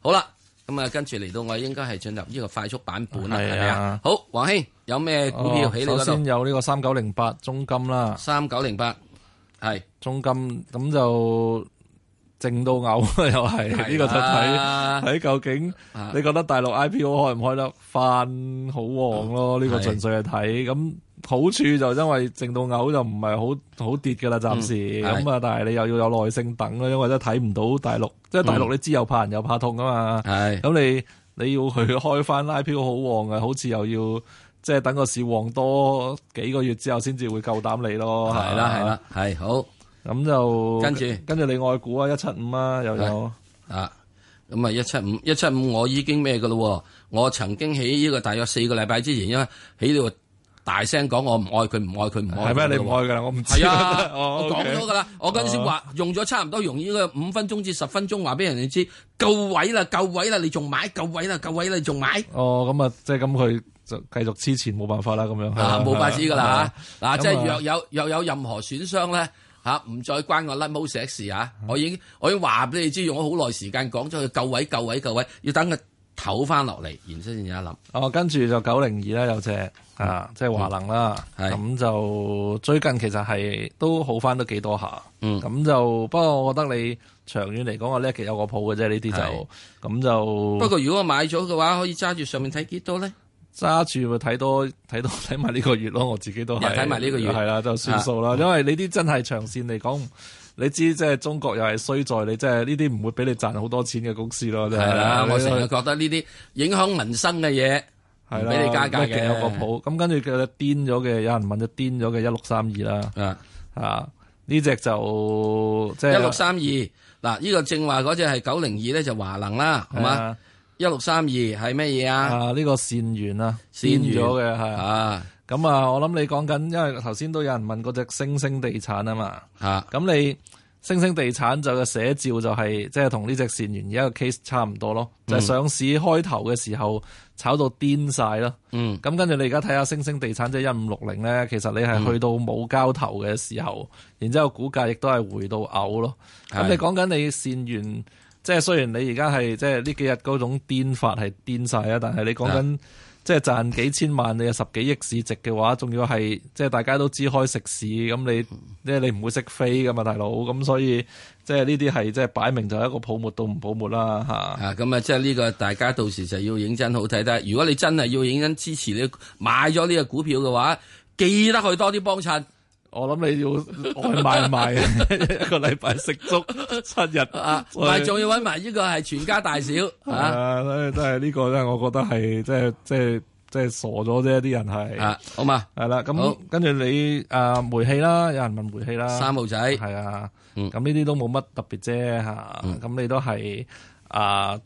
好啦。咁啊，跟住嚟到我應該係進入呢個快速版本係啊？好，黃興有咩股票起呢？哦、先有呢個三九零八中金啦，三九零八係中金，咁就正到嘔 又係是呢、啊、個就睇睇、啊、究竟，你覺得大陸 IPO 開唔開得翻好旺咯？呢、哦、個純粹係睇咁。是好處就因為淨到嘔就唔係好好跌噶啦，暫時咁啊！嗯、但係你又要有耐性等咯，因為都睇唔到大陸，嗯、即係大陸你知又怕人又怕痛噶嘛。係咁的你你要去開翻拉票好旺啊，好似又要即係等個市旺多幾個月之後先至會夠膽你咯。係啦係啦，係好咁就跟住著跟住你外股啊一七五啊又有啊咁啊一七五一七五我已經咩噶咯，我曾經喺呢個大約四個禮拜之前，因為喺呢、這個。大聲講，我唔愛佢唔愛佢唔愛佢，係咩？你唔愛噶啦，我唔知。係啊，我講咗噶啦。我跟先話用咗差唔多用呢個五分鐘至十分鐘，話俾人哋知夠位啦，夠位啦，你仲買？夠位啦，夠位啦，你仲買？哦，咁啊，即係咁佢就繼續黐錢，冇辦法啦，咁樣啊，冇法子噶啦。嗱，即係若有若有任何損傷咧，吓唔再關個甩毛色事吓。我已經我已經話俾你知，用咗好耐時間講咗佢夠位夠位夠位，要等佢。唞翻落嚟，然之後先有一諗。哦，跟住就九零二啦，有隻啊，嗯、即係華能啦。咁就、嗯嗯、最近其實係都好翻，都幾多下。嗯，咁就不過我覺得你長遠嚟講，我呢期有一個鋪嘅啫，呢啲就咁就。嗯、就不過如果我買咗嘅話，可以揸住上面睇幾多咧？揸住咪睇多睇多睇埋呢個月咯。我自己都係睇埋呢個月，係啦，就算數啦、啊。因為呢啲真係長線嚟講。你知即係中國又係衰在你，即係呢啲唔會俾你賺好多錢嘅公司咯。係啦、啊，啊、我成日覺得呢啲影響民生嘅嘢，俾、啊、你加價嘅，有個譜，咁跟住佢癲咗嘅，有人問咗癲咗嘅一六三二啦。32, 啊，呢隻、啊、就即係一六三二。嗱、啊，呢、這個正話嗰隻係九零二咧，就華能啦，係嘛？一六三二係咩嘢啊？啊，呢個善元啊，癲咗嘅係啊。這個緣咁啊，嗯、我諗你講緊，因為頭先都有人問嗰隻星星地產啊嘛。吓咁、啊、你星星地產就個寫照就係、是，即係同呢隻善元而家個 case 差唔多咯。就是、上市開頭嘅時候炒到癲晒咯。嗯。咁跟住你而家睇下星星地產即係一五六零咧，其實你係去到冇交投嘅時候，然之後股價亦都係回到嘔咯。咁你講緊你善元，即、就、係、是、雖然你而家係即係呢幾日嗰種癲法係癲晒啊，但係你講緊。即係賺幾千萬，你有十幾億市值嘅話，仲要係即係大家都知開食肆，咁你即係、嗯、你唔會識飛㗎嘛，大佬，咁所以即係呢啲係即係擺明就係一個泡沫到唔泡沫啦，嚇。啊，咁啊，即係呢個大家到時就要認真好睇睇。如果你真係要認真支持你買咗呢個股票嘅話，記得去多啲幫襯。我諗你要外賣賣一個禮拜食足七日啊，但係仲要搵埋呢個係全家大小，係啊，真係呢個真係我覺得係即係即係即係傻咗啫，啲人係啊，好嘛，係啦，咁跟住你啊煤氣啦，有人問煤氣啦，三號仔係啊，咁呢啲都冇乜特別啫吓，咁你都係啊。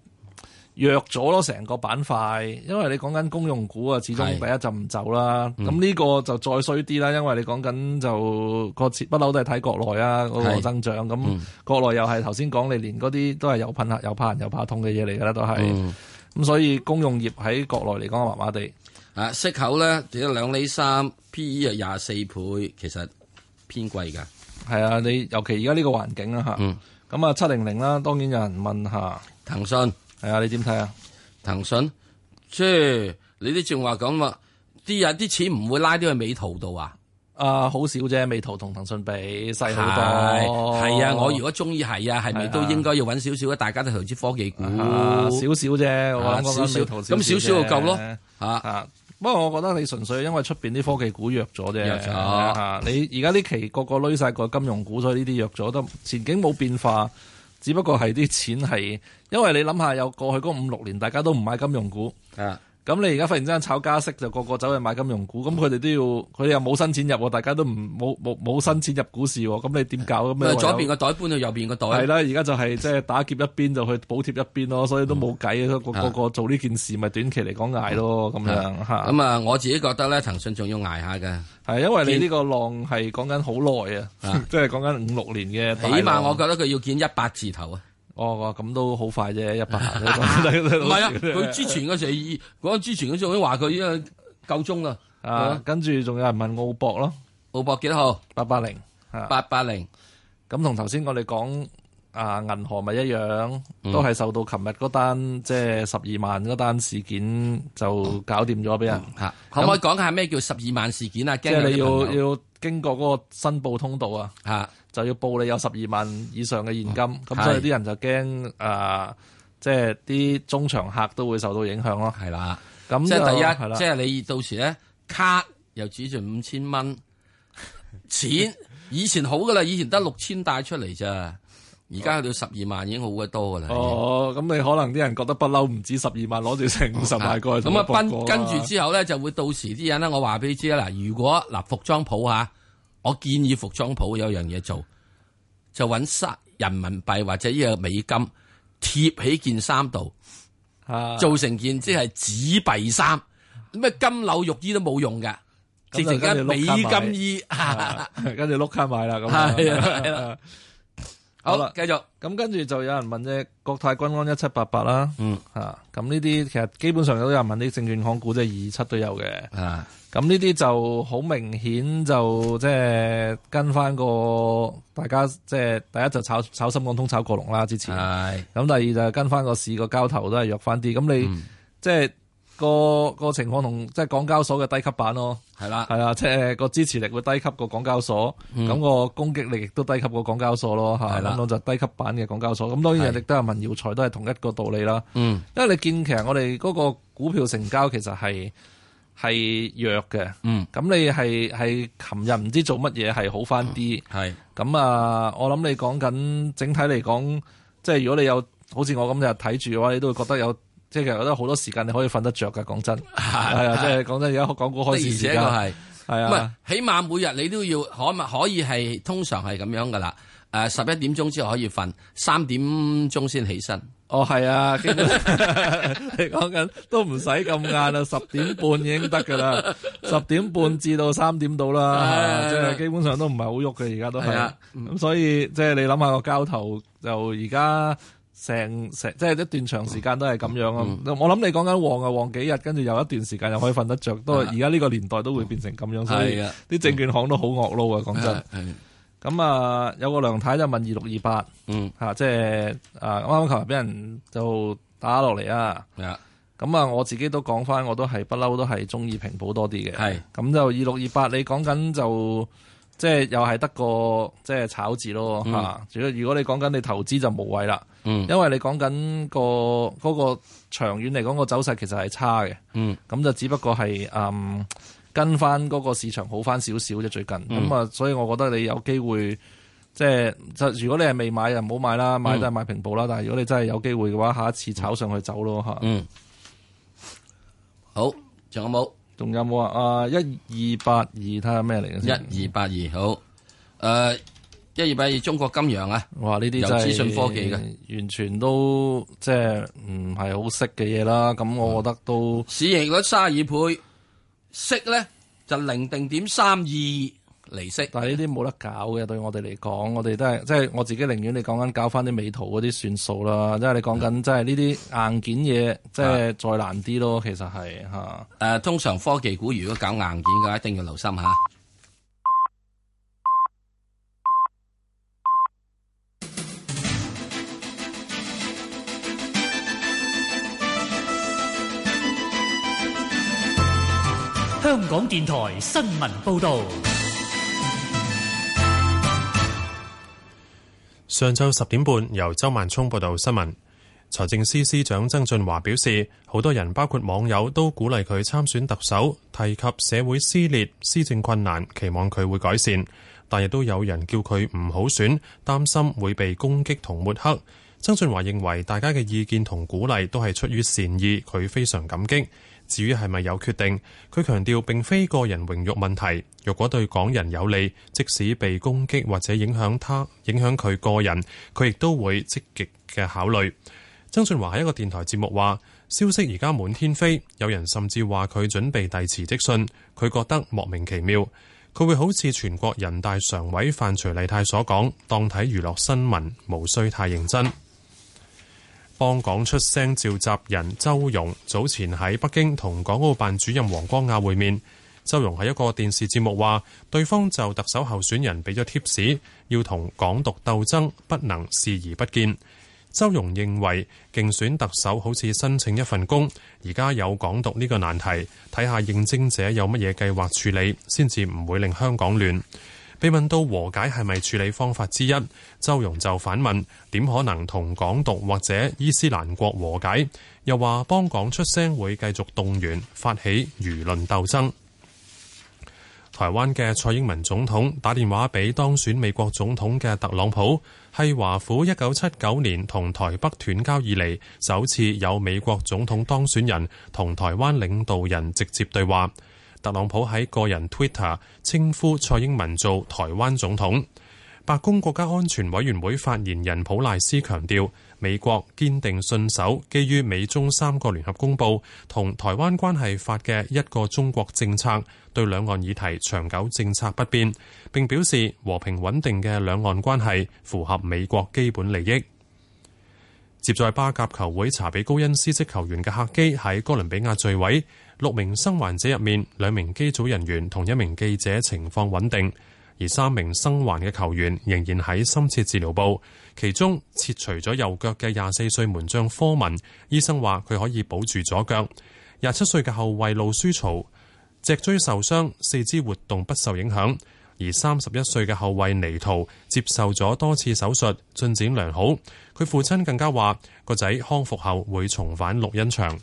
弱咗咯，成個板塊，因為你講緊公用股啊，始終第一就唔走啦。咁呢是個就再衰啲啦，因為你講緊就個不嬲都係睇國內啊，嗰個增長。咁是國內又係頭先講你連嗰啲都係有噴客又怕人又怕通嘅嘢嚟㗎啦，都係。咁、嗯、所以公用業喺國內嚟講麻麻地。啊，息口咧跌咗兩厘三，P E 又廿四倍，其實偏貴㗎。係啊，你尤其而家呢個環境啦嚇。咁啊、嗯，七零零啦，當然有人問，問下騰訊。係啊，你點睇啊？騰訊即係你啲正話講話？啲人啲錢唔會拉啲去美圖度啊？啊，好少啫，美圖同騰訊比細好多，係啊！我如果中意係啊，係咪都應該要揾少少？大家都投資科技股，少少啫，我講少少，咁少少就夠咯。吓、啊啊，不過我覺得你純粹因為出邊啲科技股弱咗啫、啊啊。你而家呢期個個推晒個金融股，所以呢啲弱咗，都前景冇變化。只不過係啲錢係，因為你諗下，有過去嗰五六年，大家都唔買金融股。啊咁你而家忽然之間炒加息就個個走去買金融股，咁佢哋都要佢又冇新錢入喎，大家都唔冇冇冇新錢入股市喎，咁你點搞咁啊？左邊個袋搬到右邊個袋。係啦，而家就係即係打劫一邊就去補貼一邊咯，所以都冇計、嗯、啊！個個做呢件事咪短期嚟講捱咯，咁樣嚇。咁啊，我自己覺得咧，騰訊仲要捱下嘅，係因為你呢個浪係講緊好耐啊，即係講緊五六年嘅，起碼我覺得佢要見一百字頭啊。哦，咁都好快啫，一百。唔係啊，佢之前嗰時，講之前嗰時已經話佢已經夠鐘啦。啊，跟住仲有人問澳博咯，澳博幾多號？八八零，八八零。咁同頭先我哋講，啊，銀河咪一樣，都係受到琴日嗰單，即係十二萬嗰單事件就搞掂咗俾人。可唔可以講下咩叫十二萬事件啊？驚你要你要，要經過嗰個申報通道啊？啊。 就要報你有十二萬以上嘅現金，咁、哦、所以啲人就驚誒、啊呃，即係啲中場客都會受到影響咯。係啦、啊，就即係第一，啊、即係你到時咧卡又只存五千蚊，錢 以前好噶啦，以前得六千帶出嚟咋，而家去到十二萬已經好得多噶啦。哦，咁經、哦、你可能啲人覺得不嬲唔止十二萬，攞住成五十萬過去。咁啊，嗯、跟住之後咧就會到時啲人咧，我話俾你知啦，嗱，如果嗱服裝鋪吓。啊。我建議服裝鋪有樣嘢做，就揾人民幣或者呢個美金貼起件衫度，做成件即係紙幣衫，咩金縷玉衣都冇用嘅，直情家美金衣，跟住碌卡買啦咁。係啦，好啦，繼續咁跟住就有人問啫，國泰君安一七八八啦，嗯吓，咁呢啲其實基本上都有人問啲證券行股，即係二七都有嘅。咁呢啲就好明顯，就即係跟翻個大家，即係第一就炒炒深港通炒過龍啦，之前。係。咁第二就係跟翻個市個交投都係弱翻啲。咁、嗯、你即係、那個個情況同即係港交所嘅低級版咯。係啦是的，係啊，即係個支持力會低級過港交所，咁、嗯、個攻擊力亦都低級過港交所咯。吓，咁就低級版嘅港交所。咁是的、啊就是、當然人哋都係民謠財，都係同一個道理啦。是的 嗯。因為你見其實我哋嗰個股票成交其實係。係弱嘅，嗯，咁你係係琴日唔知做乜嘢係好翻啲，係、嗯，咁啊，我諗你講緊整體嚟講，即係如果你有好似我咁就睇住嘅話，你都會覺得有，即係其實都好多時間你可以瞓得着嘅，講真，係啊的，的即係講真，而家講股開市時間係，唔係的，的起碼每日你都要可唔可以係通常係咁樣噶啦，誒、呃，十一點鐘之後可以瞓，三點鐘先起身。哦，係啊，基本你講緊都唔使咁晏啦，十點半已經得㗎啦，十點半至到三點到啦，即係基本上都唔係好喐嘅，而家都係，咁所以即係你諗下個交投就而家成成即係一段長時間都係咁樣啊！我諗你講緊旺啊，旺幾日，跟住又一段時間又可以瞓得着，都係而家呢個年代都會變成咁樣，所以啲證券行都好惡撈啊，講真。咁啊，有個梁太就問二六二八，嗯嚇，即係啊，啱啱琴日俾人就打落嚟啊，啊、嗯，咁啊，我自己都講返，我都係不嬲都係中意平保多啲嘅，係是，咁就二六二八，你講緊就即係、就是、又係得個即係炒字咯嚇、嗯啊，如果如果你講緊你投資就無謂啦，嗯，因為你講緊、嗰個嗰、嗰個長遠嚟講個走勢其實係差嘅，嗯，咁、嗯、就只不過係嗯。跟翻嗰個市場好翻少少啫，最近咁啊、嗯嗯，所以我覺得你有機會，即係就是、如果你係未買，就唔好買啦，買都係買平保啦。但係如果你真係有機會嘅話，下一次炒上去走咯吓。嗯，好，仲有冇？仲有冇啊？啊，一二八二，睇下咩嚟嘅先，一二八二，好，誒，一二八二，中國金陽啊，哇，呢啲資訊科技嘅，完全都即係唔係好識嘅嘢啦。咁我覺得都是市盈率卅二倍。息咧就零定點三二厘息，但係呢啲冇得搞嘅，對我哋嚟講，我哋都係即係我自己寧願你講緊搞翻啲美圖嗰啲算數啦，即係、嗯、你講緊即係呢啲硬件嘢，嗯、即係再難啲咯，其實係吓。誒、嗯啊，通常科技股如果搞硬件嘅，一定要留心吓。啊香港電台新聞報道：上晝十點半，由周萬聰報道新聞。財政司司長曾俊華表示，好多人，包括網友，都鼓勵佢參選特首，提及社會撕裂、施政困難，期望佢會改善。但亦都有人叫佢唔好選，擔心會被攻擊同抹黑。曾俊華認為，大家嘅意見同鼓勵都係出於善意，佢非常感激。至於係咪有決定，佢強調並非個人榮辱問題。若果對港人有利，即使被攻擊或者影響他、影響佢個人，佢亦都會積極嘅考慮。曾俊華喺一個電台節目話：消息而家滿天飛，有人甚至話佢準備遞辭職信，佢覺得莫名其妙。佢會好似全國人大常委范徐麗泰所講，當睇娛樂新聞，無需太認真。幫港出聲召集人周融早前喺北京同港澳辦主任黃光亞會面。周融喺一個電視節目話，對方就特首候選人俾咗貼士，要同港獨鬥爭，不能視而不見。周融認為，競選特首好似申請一份工，而家有港獨呢個難題，睇下應徵者有乜嘢計劃處理，先至唔會令香港亂。被問到和解係咪處理方法之一，周融就反問：點可能同港獨或者伊斯蘭國和解？又話幫港出聲會繼續動員發起輿論鬥爭。台灣嘅蔡英文總統打電話俾當選美國總統嘅特朗普，係華府一九七九年同台北斷交以嚟，首次有美國總統當選人同台灣領導人直接對話。特朗普喺個人 Twitter 稱呼蔡英文做台灣總統。白宮國家安全委員會發言人普賴斯強調，美國堅定信守基於美中三個聯合公報同台灣關係法嘅一個中國政策，對兩岸議題長久政策不變。並表示和平穩定嘅兩岸關係符合美國基本利益。接載巴甲球會查比高恩斯職球員嘅客機喺哥倫比亞墜毀。六名生還者入面，兩名機組人員同一名記者情況穩定，而三名生還嘅球員仍然喺深切治療部，其中切除咗右腳嘅廿四歲門將科文，醫生話佢可以保住左腳。廿七歲嘅後衛路舒曹脊椎受傷，四肢活動不受影響，而三十一歲嘅後衛尼圖接受咗多次手術，進展良好。佢父親更加話，個仔康復後會重返綠茵場。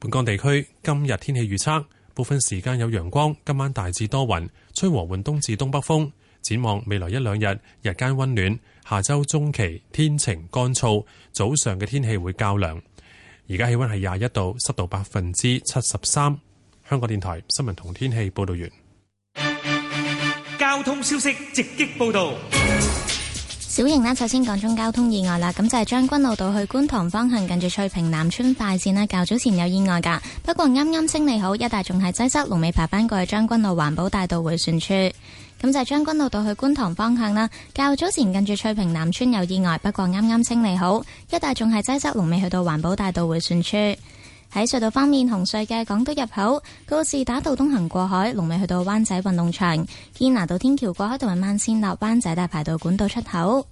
本港地區今日天氣預測，部分時間有陽光，今晚大致多雲，吹和緩東至東北風。展望未來一兩日，日間温暖，下周中期天晴乾燥，早上嘅天氣會較涼。而家氣温係廿一度，濕度百分之七十三。香港電台新聞同天氣報道員。交通消息直擊報道。小瑩呢，首先講中交通意外啦，咁就係將軍澳道去觀塘方向，近住翠屏南村快線咧，較早前有意外噶，不過啱啱清理好，一帶仲係擠塞，龍尾排返過去將軍澳環保大道回旋處，咁就係將軍澳道去觀塘方向啦，較早前近住翠屏南村有意外，不過啱啱清理好，一帶仲係擠塞，龍尾去到環保大道回旋處。喺隧道方面，紅隧嘅港島入口告士打道東行過海，龍尾去到灣仔運動場；堅拿道天橋過海同埋慢線落灣仔大排到管道出口。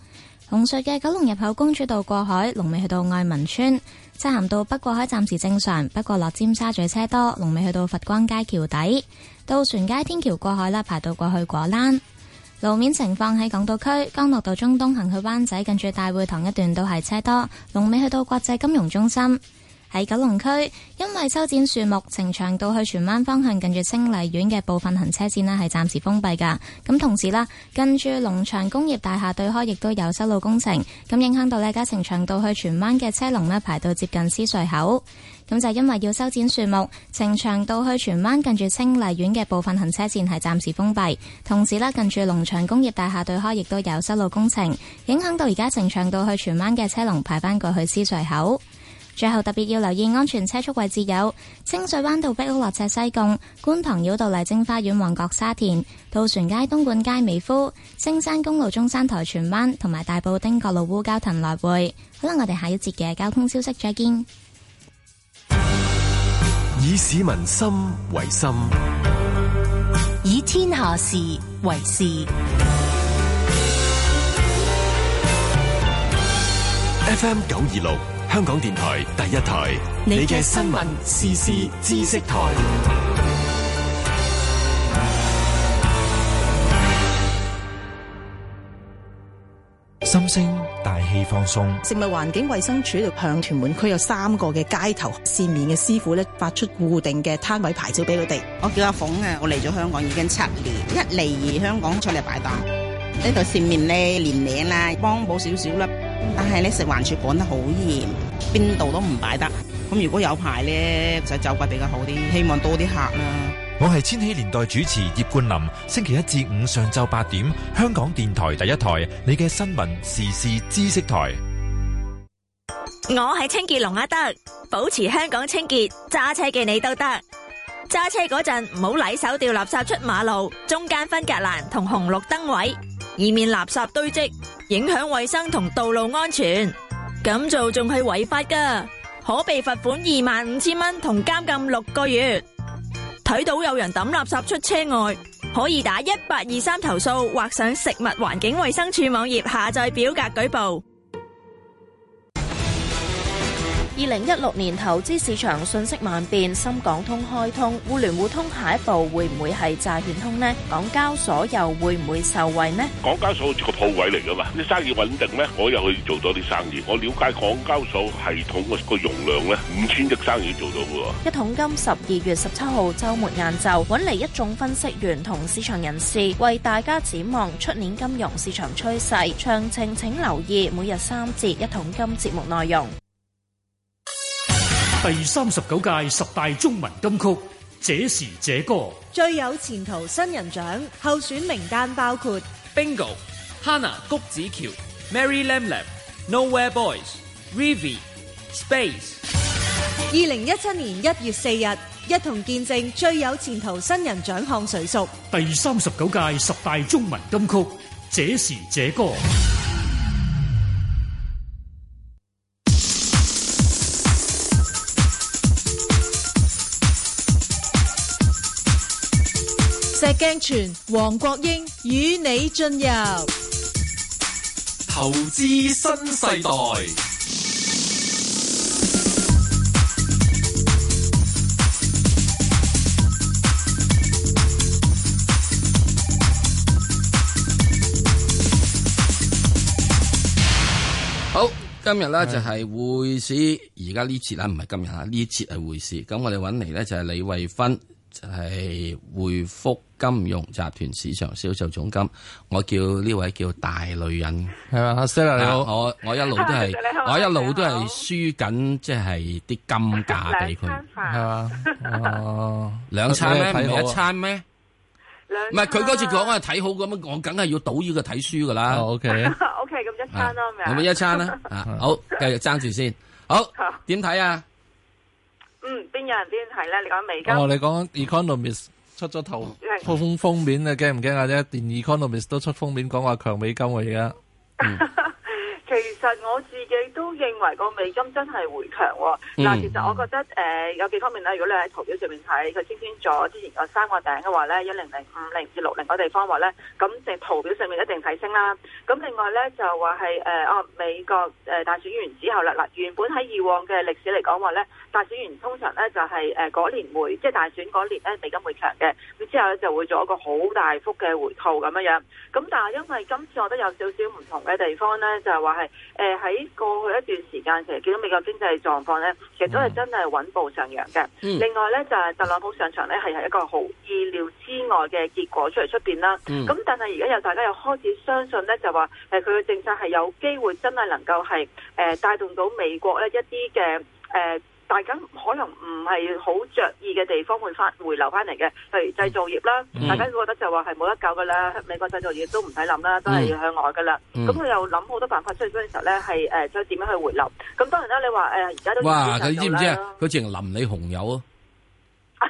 紅隧嘅九龍入口公主道過海，龍尾去到愛民村；漆咸道北過海暫時正常，不過落尖沙咀車多，龍尾去到佛光街橋底。渡船街天橋過海啦，排到過去果欄。路面情況喺港島區，干諾道中東行去灣仔近住大會堂一段都係車多，龍尾去到國際金融中心。喺九龍區，因為修剪樹木，呈祥道去荃灣方向近住清麗苑嘅部分行車線咧係暫時封閉噶。咁同時啦，近住龍翔工業大廈對開亦都有修路工程，咁影響到呢而家呈祥道去荃灣嘅車龍咧排到接近獅隧口。咁就因為要修剪樹木，呈祥道去荃灣近住清麗苑嘅部分行車線係暫時封閉。同時啦，近住龍翔工業大廈對開亦都有修路工程，影響到而家呈祥道去荃灣嘅車龍排翻，就是，過去獅隧口。最後特別要留意安全車速位置，有清水灣道碧屋落赤西貢、觀塘繞道麗晶花園、旺角沙田、渡船街、東莞街美、美孚、青山公路、中山臺灣、荃灣同埋大埔丁角路烏蛟騰來回。好啦，我哋下一節嘅交通消息再見。以市民心為心，以天下事為事。F M 九二六。香港電台第一台，你嘅的 新聞時事知識台，心聲大氣放鬆。食物環境衛生署向屯門區有三個嘅街頭線面嘅師傅咧，發出固定嘅攤位牌照，俾佢哋。我叫阿鳳啊，我嚟咗香港已經七年，一嚟而香港出嚟擺檔，呢度線面咧年零啦，幫補少少啦，但係咧食環署管得好嚴。邊度都唔擺得，咁如果有排呢，就走鬼比較好啲，希望多啲客啦。我係千禧年代主持葉冠霖，星期一至五上晝八點，香港電台第一台，你嘅新聞時事知識台。我係清潔龍阿德，保持香港清潔，揸車嘅你都得。揸車嗰陣唔好禮手掉垃圾出馬路、中間分隔欄同紅綠燈位，以免垃圾堆積，影響衛生同道路安全。咁做仲係違法噶，可被罰款二萬五千蚊，同監禁六個月。睇到有人抌垃圾出車外，可以打一八二三投訴，或上食物環境衛生署網頁下載表格舉報。二零一六年投資市場瞬息萬變，深港通開通，互聯互通下一步會唔會係債券通呢？港交所又會唔會受惠呢？港交所好似個鋪位嚟噶嘛，啲生意穩定咩？我又可以做多啲生意。我了解港交所系統個個容量呢，五千億生意做到嘅喎。一桶金十二月十七號週末晏晝揾嚟一眾分析員同市場人士，為大家展望出年金融市場趨勢。詳情請留意每日三節一桶金節目內容。第三十九屆十大中文金曲，這時這歌，最有前途新人獎候選名單包括 Bingo、Hannah 菊梓喬、Mary Lam Lam、Nowhere Boys、Revi、Space。二零一七年一月四日，一同見證最有前途新人獎項誰屬？第三十九屆十大中文金曲，這時這歌。石鏡泉、黃國英與你進入投資新世代。好，今日呢是就係匯市，而家呢次咧唔係今日吓，呢次係匯市。咁我哋揾嚟呢就係、是、李慧芬。係回福金融集團市場銷售總監，我叫呢位叫大女人，係嘛？Sara 你好，我、啊、我一路都係好我一路都係輸緊，即係啲金價俾佢，係嘛，哦、啊，兩餐咩？一餐咩？唔係佢嗰次講我係睇好咁樣，我梗係要賭依個睇輸噶啦，OK，OK，咁一餐咯，啊，咪，咁一餐啦，好，繼續爭住先，好，點睇啊？嗯，邊有人邊係咧？你講美金，哦，你講 Economist 出咗圖，封的封面啊，驚唔驚啊？啫，連 Economist 都出封面講話強美金而、啊、家。 其實我自己都認為個美金真係回強喎、哦。嗱、嗯，其實我覺得誒有幾方面咧。呃、如果你喺圖表上面睇，佢升穿咗之前個三個頂嘅話咧，一零零五零至六零嗰地方話咧，咁就係圖表上面一定睇升啦。咁另外咧就話係誒哦美國誒、呃、大選完之後啦。嗱、呃，原本喺以往嘅歷史嚟講話咧，大選完通常咧就係誒嗰年會即係大選嗰年咧美金會強嘅。咁之後咧就會做一個好大幅嘅回吐咁樣樣。咁但係因為今次我得有少少唔同嘅地方咧，就係話係。誒、呃，喺過去一段時間其實見到美國經濟狀況咧，其實都係真係穩步上揚嘅。Mm. 另外咧就係特朗普上場咧係一個好意料之外嘅結果出嚟出邊啦。咁、mm. 但係而家又大家又開始相信咧就話，誒佢嘅政策係有機會真係能夠係誒帶動到美國咧一啲嘅誒。呃大家可能唔係好著意嘅地方會翻回流翻嚟嘅，譬如製造業啦，大家覺得就話係冇得救噶啦，美國製造業都唔使諗啦，都係要向外噶啦。咁佢又諗好多辦法，出嚟嗰陣時候咧，係誒再點樣去回流。咁當然啦，你話誒而家都哇，佢知唔知啊？佢淨淋你紅油啊！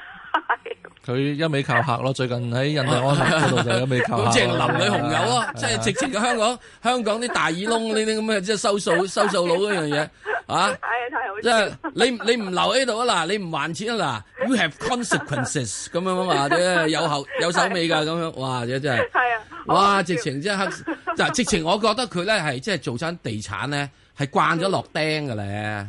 佢一味靠客咯，最近喺印第安納嗰度就一味靠客。佢淨淋你紅油啊！即係直情嘅香港，香港啲大耳窿呢啲咁嘅，即係收數收數佬嗰樣嘢。啊！即係你你唔留喺度啊！嗱，你唔還錢啊！嗱，You have consequences 咁樣嘛，啲有後有手尾噶咁樣，哇！真係，哇！直情即係，嗱，直情我覺得佢咧係即係做親地產咧，係慣咗落釘噶咧。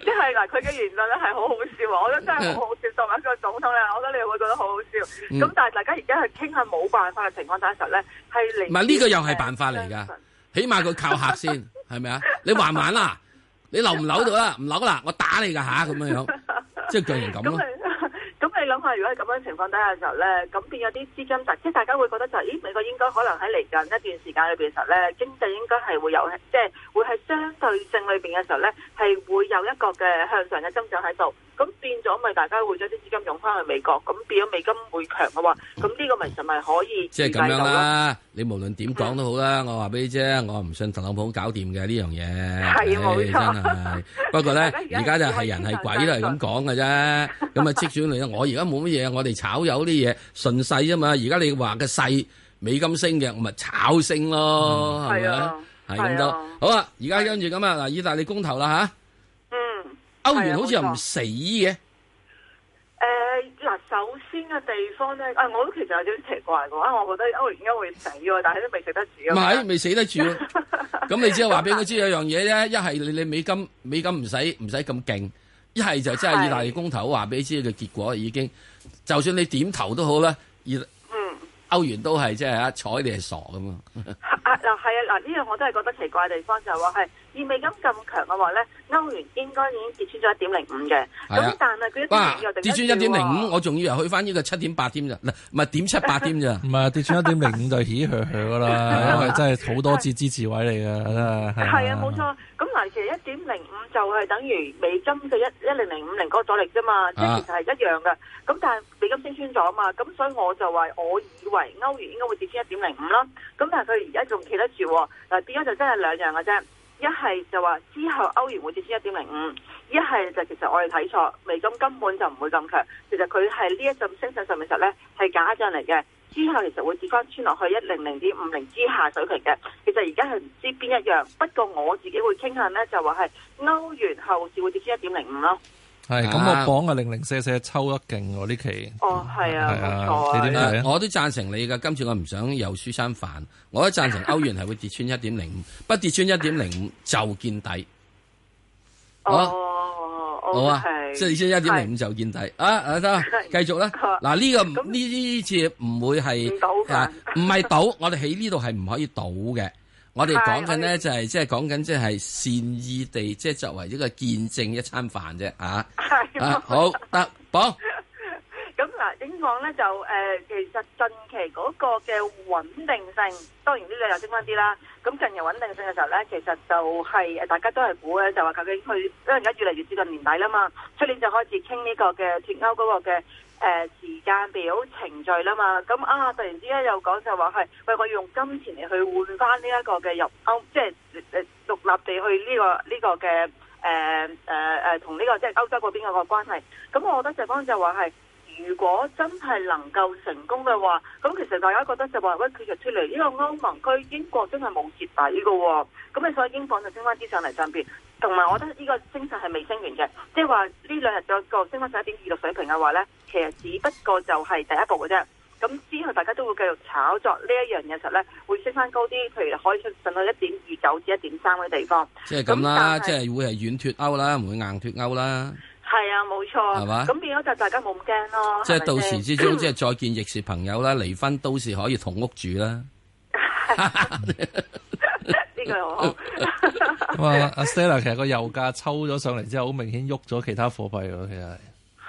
即係嗱，佢嘅言論咧係好好笑，我覺得真係好好笑。作為一個總統咧，我覺得你會覺得好好笑。咁但係大家而家係傾下冇辦法嘅情況底下，實咧係唔係呢個又係辦法嚟噶。起碼佢靠客先，係咪啊？你還唔還啦，你留唔扭到啦？唔扭啦，我打你噶吓，咁樣樣，即係強人咁咯。咁你諗下，如果喺咁樣情況底下嘅時候咧，咁變咗啲資金實，即係大家會覺得就係，咦？美國應該可能喺嚟緊一段時間裏邊時候咧，經濟應該係會有，即係會係相對性裏邊嘅時候咧，係會有一個嘅向上嘅增長喺度。咁變咗咪大家會將啲資金用翻去美國，咁變咗美金會強嘅話，咁呢個咪實咪可以即係咁樣啦。你無論點講都好啦，我話俾你知，我唔信特朗普搞掂嘅呢樣嘢，係冇錯。不過咧，而家就係人係鬼都係咁講嘅啫。咁啊，即轉嚟啊，我而家冇乜嘢，我哋炒有啲嘢順勢啫嘛。而家你話嘅勢美金升嘅，咪炒升咯，係咪啊？係咁多好啊！而家跟住咁啊，嗱，意大利公投啦吓。歐元好似又唔死嘅。誒，嗱，首先嘅地方咧，誒、哎，我都其實有啲奇怪嘅，啊，我覺得歐元應該會死喎，但係都未食得住。唔係，未死得住。咁 你只係話俾佢知有樣嘢咧，一係你你美金美金唔使唔使咁勁，一係就真係意大利公投話俾你知嘅結果已經，就算你點頭都好啦，而歐元都係即係啊，睬你係傻噶嘛。嗱，係啊，嗱、啊、呢、啊、樣、啊啊這個、我都係覺得奇怪嘅地方就係話係。而美金咁強嘅話咧，歐元應該已經跌穿咗一點零五嘅，咁但係佢一跌跌穿一點零五，我仲以為去翻呢個七點八添咋，嗱唔係點七八添咋，唔係跌穿一點零五就起起起噶啦，因為真係好多次支持位嚟嘅真係。係啊，冇錯，咁嗱其實一點零五就係等於美金嘅一一零零五零嗰阻力啫嘛，即係其實係一樣嘅，咁但係美金升穿咗啊嘛，咁所以我就話我以為歐元應該會跌穿一點零五啦，咁但係佢而家仲企得住，嗱點解就真係兩樣嘅啫。一係就話之後歐元會跌穿一點零五，一係就其實我哋睇錯，美金根本就唔會咁強，其實佢係呢一陣升上上面實呢，係假象嚟嘅，之後其實會直接穿落去一零零點五零之下水平嘅，其實而家係唔知邊一樣，不過我自己會傾向呢，就話係歐元後市會跌穿一點零五咯。係咁，我講係零零四四抽得勁喎，呢期。哦，係啊，好多啊！我都贊成你噶，今次我唔想又輸餐飯。我都贊成歐元係會跌穿一點零五，不跌穿一點零五就見底。哦，好啊，即係跌穿一點零五就見底啊！得繼續啦。嗱，呢個呢次唔會係，唔係賭，我哋喺呢度係唔可以賭嘅。我哋講緊咧就係即係講緊即係善意地即係作為一個見證，一餐飯啫嚇啊，的啊好得講咁。嗱點講咧就誒、呃、其實近期嗰個嘅穩定性，當然呢兩日升翻啲啦，咁近期穩定性嘅時候咧其實就係、是、誒大家都係估嘅就話究竟佢因為而家越嚟越接近年底啦嘛，出年就開始傾呢個嘅脱歐嗰個嘅。誒、呃，時間表程序啦嘛，咁、嗯、啊，突然之間又講就話係，喂，我用金錢嚟去換翻呢一個嘅入歐，即係誒，獨、就是呃、立地去呢、這個呢、這個嘅誒誒誒，同、呃、呢、呃這個即係歐洲嗰邊嗰個關係，咁、嗯、我覺得就方就話係。如果真係能夠成功嘅話，咁其實大家覺得就話喂，佢就出嚟呢個歐盟區，英國真係冇蝕底嘅喎、哦。咁你所以英鎊就升翻啲上嚟上邊，同埋我覺得呢個升勢係未升完嘅，即係話呢兩日再升翻曬一點二六水平嘅話呢，其實只不過就係第一步嘅啫。咁之後大家都會繼續炒作呢一樣嘢，實呢，會升翻高啲，譬如可以出上到一點二九至一點三嘅地方。即係咁啦，是即係會係軟脫歐啦，唔會硬脫歐啦。係啊，冇錯，係嘛吧，咁變咗就大家冇咁驚咯。即係到時之中，即係 再見亦是朋友啦，離婚都是可以同屋住啦。呢個好。阿 Stella 其實個油價抽咗上嚟之後，好明顯喐咗其他貨幣咯，其實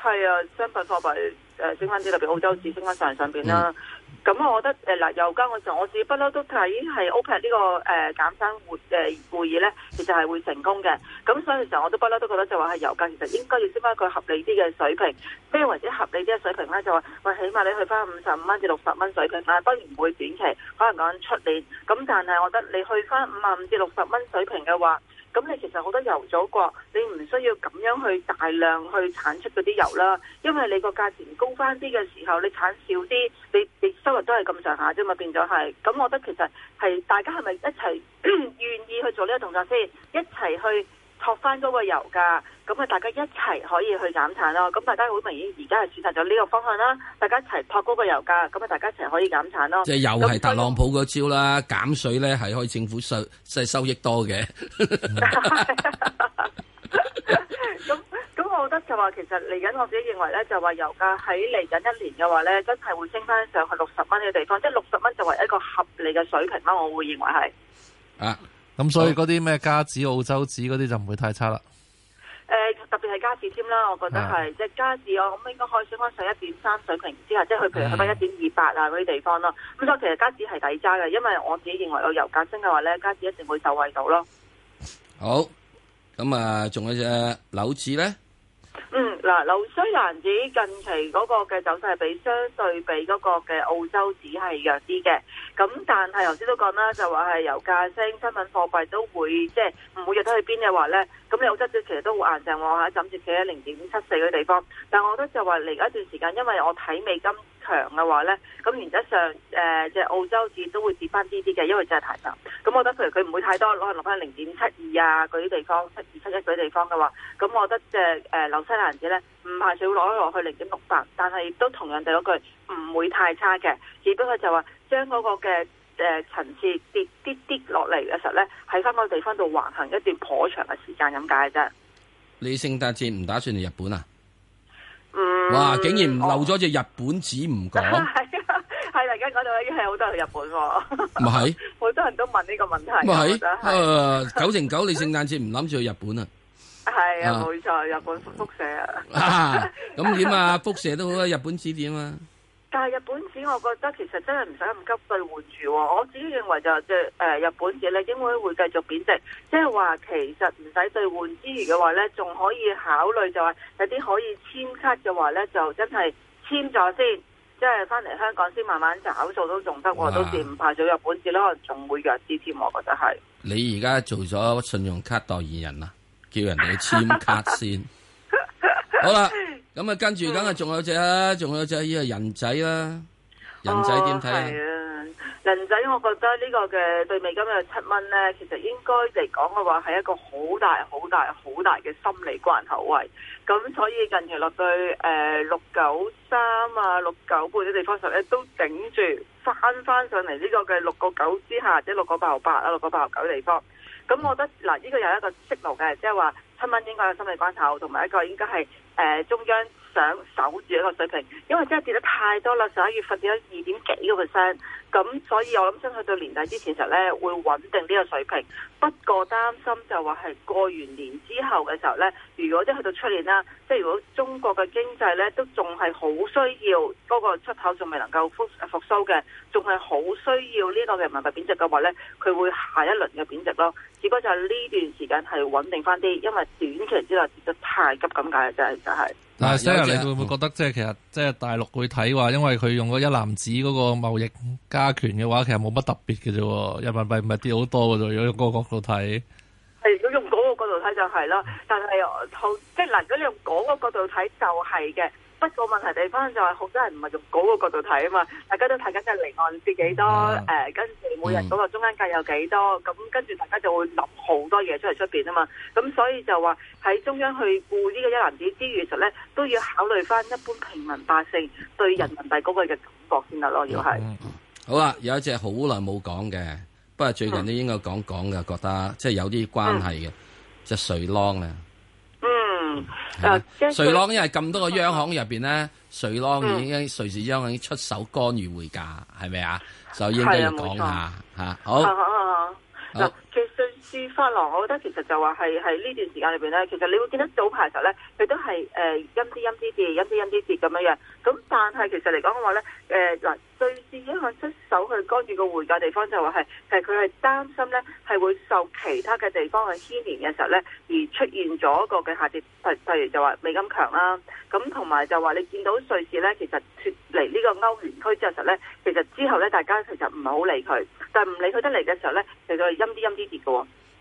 係啊，商品貨幣誒升翻啲，特別澳洲紙升翻上上邊啦。嗯咁、嗯、我覺得誒嗱、呃，油價嘅時候我自己不嬲都睇係 OPEC 呢個誒、呃、減產會誒會議咧，其實係會成功嘅。咁所以其實我都不嬲都覺得就話係油價其實應該要升翻佢合理啲嘅水平。非為者合理啲嘅水平咧？就話，喂、哎，起碼你去翻五十五蚊至六十蚊水平啦，當然唔會短期，可能講出年。咁但係我覺得你去翻五十五至六十蚊水平嘅話，咁你其實好多油咗國，你唔需要咁樣去大量去產出嗰啲油啦，因為你個價錢高翻啲嘅時候，你產少啲，你你收入都係咁上下啫嘛，變咗係。咁我覺得其實係大家係咪一齊 願意去做呢個動作先，一齊去。托翻嗰個油價，咁啊大家一齊可以去減產咯。咁大家會明顯而家係選擇咗呢個方向啦。大家一齊托高個油價，咁啊大家一齊可以減產咯。即係又係特朗普個招啦，減稅咧係可以政府收收益多嘅。咁咁，我覺得就話其實嚟緊，我自己認為咧就話、是、油價喺嚟緊一年嘅話咧，真係會升翻上去六十蚊嘅地方，即係六十蚊作為一個合理嘅水平啦。我會認為係啊。咁所以嗰啲咩加子、澳洲子嗰啲就唔會太差啦。誒特別係加子添啦，我覺得係，即係加子我諗應該可以升翻上一點三水平之下，即係佢譬如去翻一點二八啊嗰啲地方咯。咁是所以其實加子係抵揸嘅，因為我自己認為，有油價升嘅話咧，加子一定會受惠到咯。好，咁啊，仲有隻樓子咧。嗯，嗱、啊，紐西蘭紙近期嗰個嘅走勢係比相對比嗰個嘅澳洲紙係弱啲嘅，咁但係頭先都講啦，就話係油價升，新聞貨幣都會即係唔會弱得去邊嘅話咧，咁你澳洲紙其實都好硬淨喎嚇，甚至企喺零點七四嘅地方，但係我覺得就話嚟緊一段時間，因為我睇美金。強嘅話呢，咁原則上誒，即係澳洲紙都會跌翻啲啲嘅，因為真係太淡。咁我覺得譬如佢唔會太多攞落翻零點七二啊，嗰啲地方七二七一嗰啲地方嘅話，咁我覺得即係誒紐西蘭紙呢，唔係仲要攞落去零點六八，但係都同樣地嗰句唔會太差嘅，只不過就話將嗰個嘅誒層次跌跌跌落嚟嘅時候呢，喺翻嗰個地方度橫行一段頗長嘅時間咁解啫。你聖誕節唔打算嚟日本啊？哇、嗯！竟然漏咗隻日本紙唔講，係 大家講到已經係好多去日本喎，唔係好多人都問呢個問題？唔係是，誒、呃、九成九 你聖誕節唔諗住去日本的啊？係啊，冇錯，日本輻射啊，咁點啊？輻射都好啊，日本紙點啊？但係日本紙，我覺得其實真係唔使咁急兌換住。我自己認為就即係誒，日本紙咧應該會繼續貶值。即係話其實唔使兌換之餘嘅話咧，仲可以考慮就係有啲可以簽卡嘅話咧，就真係簽咗先，即係翻嚟香港先慢慢找數都仲得。到時唔排咗日本紙咧，可能仲會弱啲添我覺得係。你而家做咗信用卡代言人啦，叫人哋去簽卡先。 好啦，咁啊，跟住梗係仲有隻啦，仲有隻呢個人仔啦，人仔點睇啊？係啊，人仔我覺得呢個嘅對美金嘅七蚊咧，其實應該嚟講嘅話係一個好大、好大、好大嘅心理關口位。咁所以近期落對誒六九三啊、六九半啲地方，實咧都頂住翻翻上嚟呢個嘅六個九之下，即係六個八號八啊、六個八號九地方。咁我覺得嗱，呢個有一個息路嘅，即係話。七蚊應該有心理關口，同埋一個應該係誒、呃、中央想守住一個水平，因為真係跌得太多啦，十一月份跌咗二點幾個 percent，咁所以我諗真去到年底之前嘅時候咧會穩定呢個水平，不過擔心就話係過完年之後嘅時候咧，如果即係去到出年啦，即、就、係、是、如果中國嘅經濟咧都仲係好需要嗰個出口仲未能夠復復甦嘅，仲係好需要呢個嘅人民幣貶值嘅話咧，佢會下一輪嘅貶值咯。只不過就係呢段時間係穩定翻啲，因為。短期之內跌得太急咁解真係真係。就是就是、但係是 Sir，你會唔會覺得即係、嗯、其實即係大陸會睇話，因為佢用嗰一籃子嗰個貿易加權嘅話，其實冇乜特別嘅啫。人民幣唔係跌好多嘅啫。用個角度，如果用嗰個角度睇，係如果用嗰個角度睇就係啦。但係同即係嗱，如果你用嗰個角度睇就係嘅。不過問題地方就係，好多人唔係從嗰個角度睇啊嘛，大家都睇緊嘅離岸跌幾多，誒、嗯啊，跟住每日嗰個中間價有幾多，咁跟住大家就會諗好多嘢出嚟出邊啊嘛，咁所以就話喺中央去顧呢個一籃子之餘，其實咧都要考慮翻一般平民百姓對人民幣嗰個嘅感覺先得咯，要係。好啦，有一隻好耐冇講嘅，不過最近都應該講講嘅，嗯、覺得即係有啲關係嘅，即係水撈咧。嗯嗯嗯係瑞郎，因為咁多個央行入邊咧，瑞郎、嗯、已經瑞士央行已經出手干預匯價，係咪、嗯嗯嗯、啊？所以應該要講下吓，好好。好嘅瑞士法郎，我覺得其實就話係喺呢段時間裏邊咧，其實你會見得早排時候咧，佢都係誒陰啲、陰、呃、啲、跌陰啲、陰啲、跌咁樣樣。咁但係其實嚟講嘅話咧，誒、呃、嗱，瑞士央行出手去干預個匯價地方就話係，係佢係擔心咧係會受其他嘅地方去牽連嘅時候咧，而出現咗一個嘅下跌。譬例如、啊、就話美金強啦，咁同埋就話你見到瑞士咧，其實脫離呢個歐元區之後時候咧，其實之後咧，大家其實唔係好理佢，但唔理佢得嚟嘅時候咧，就再陰啲、陰啲。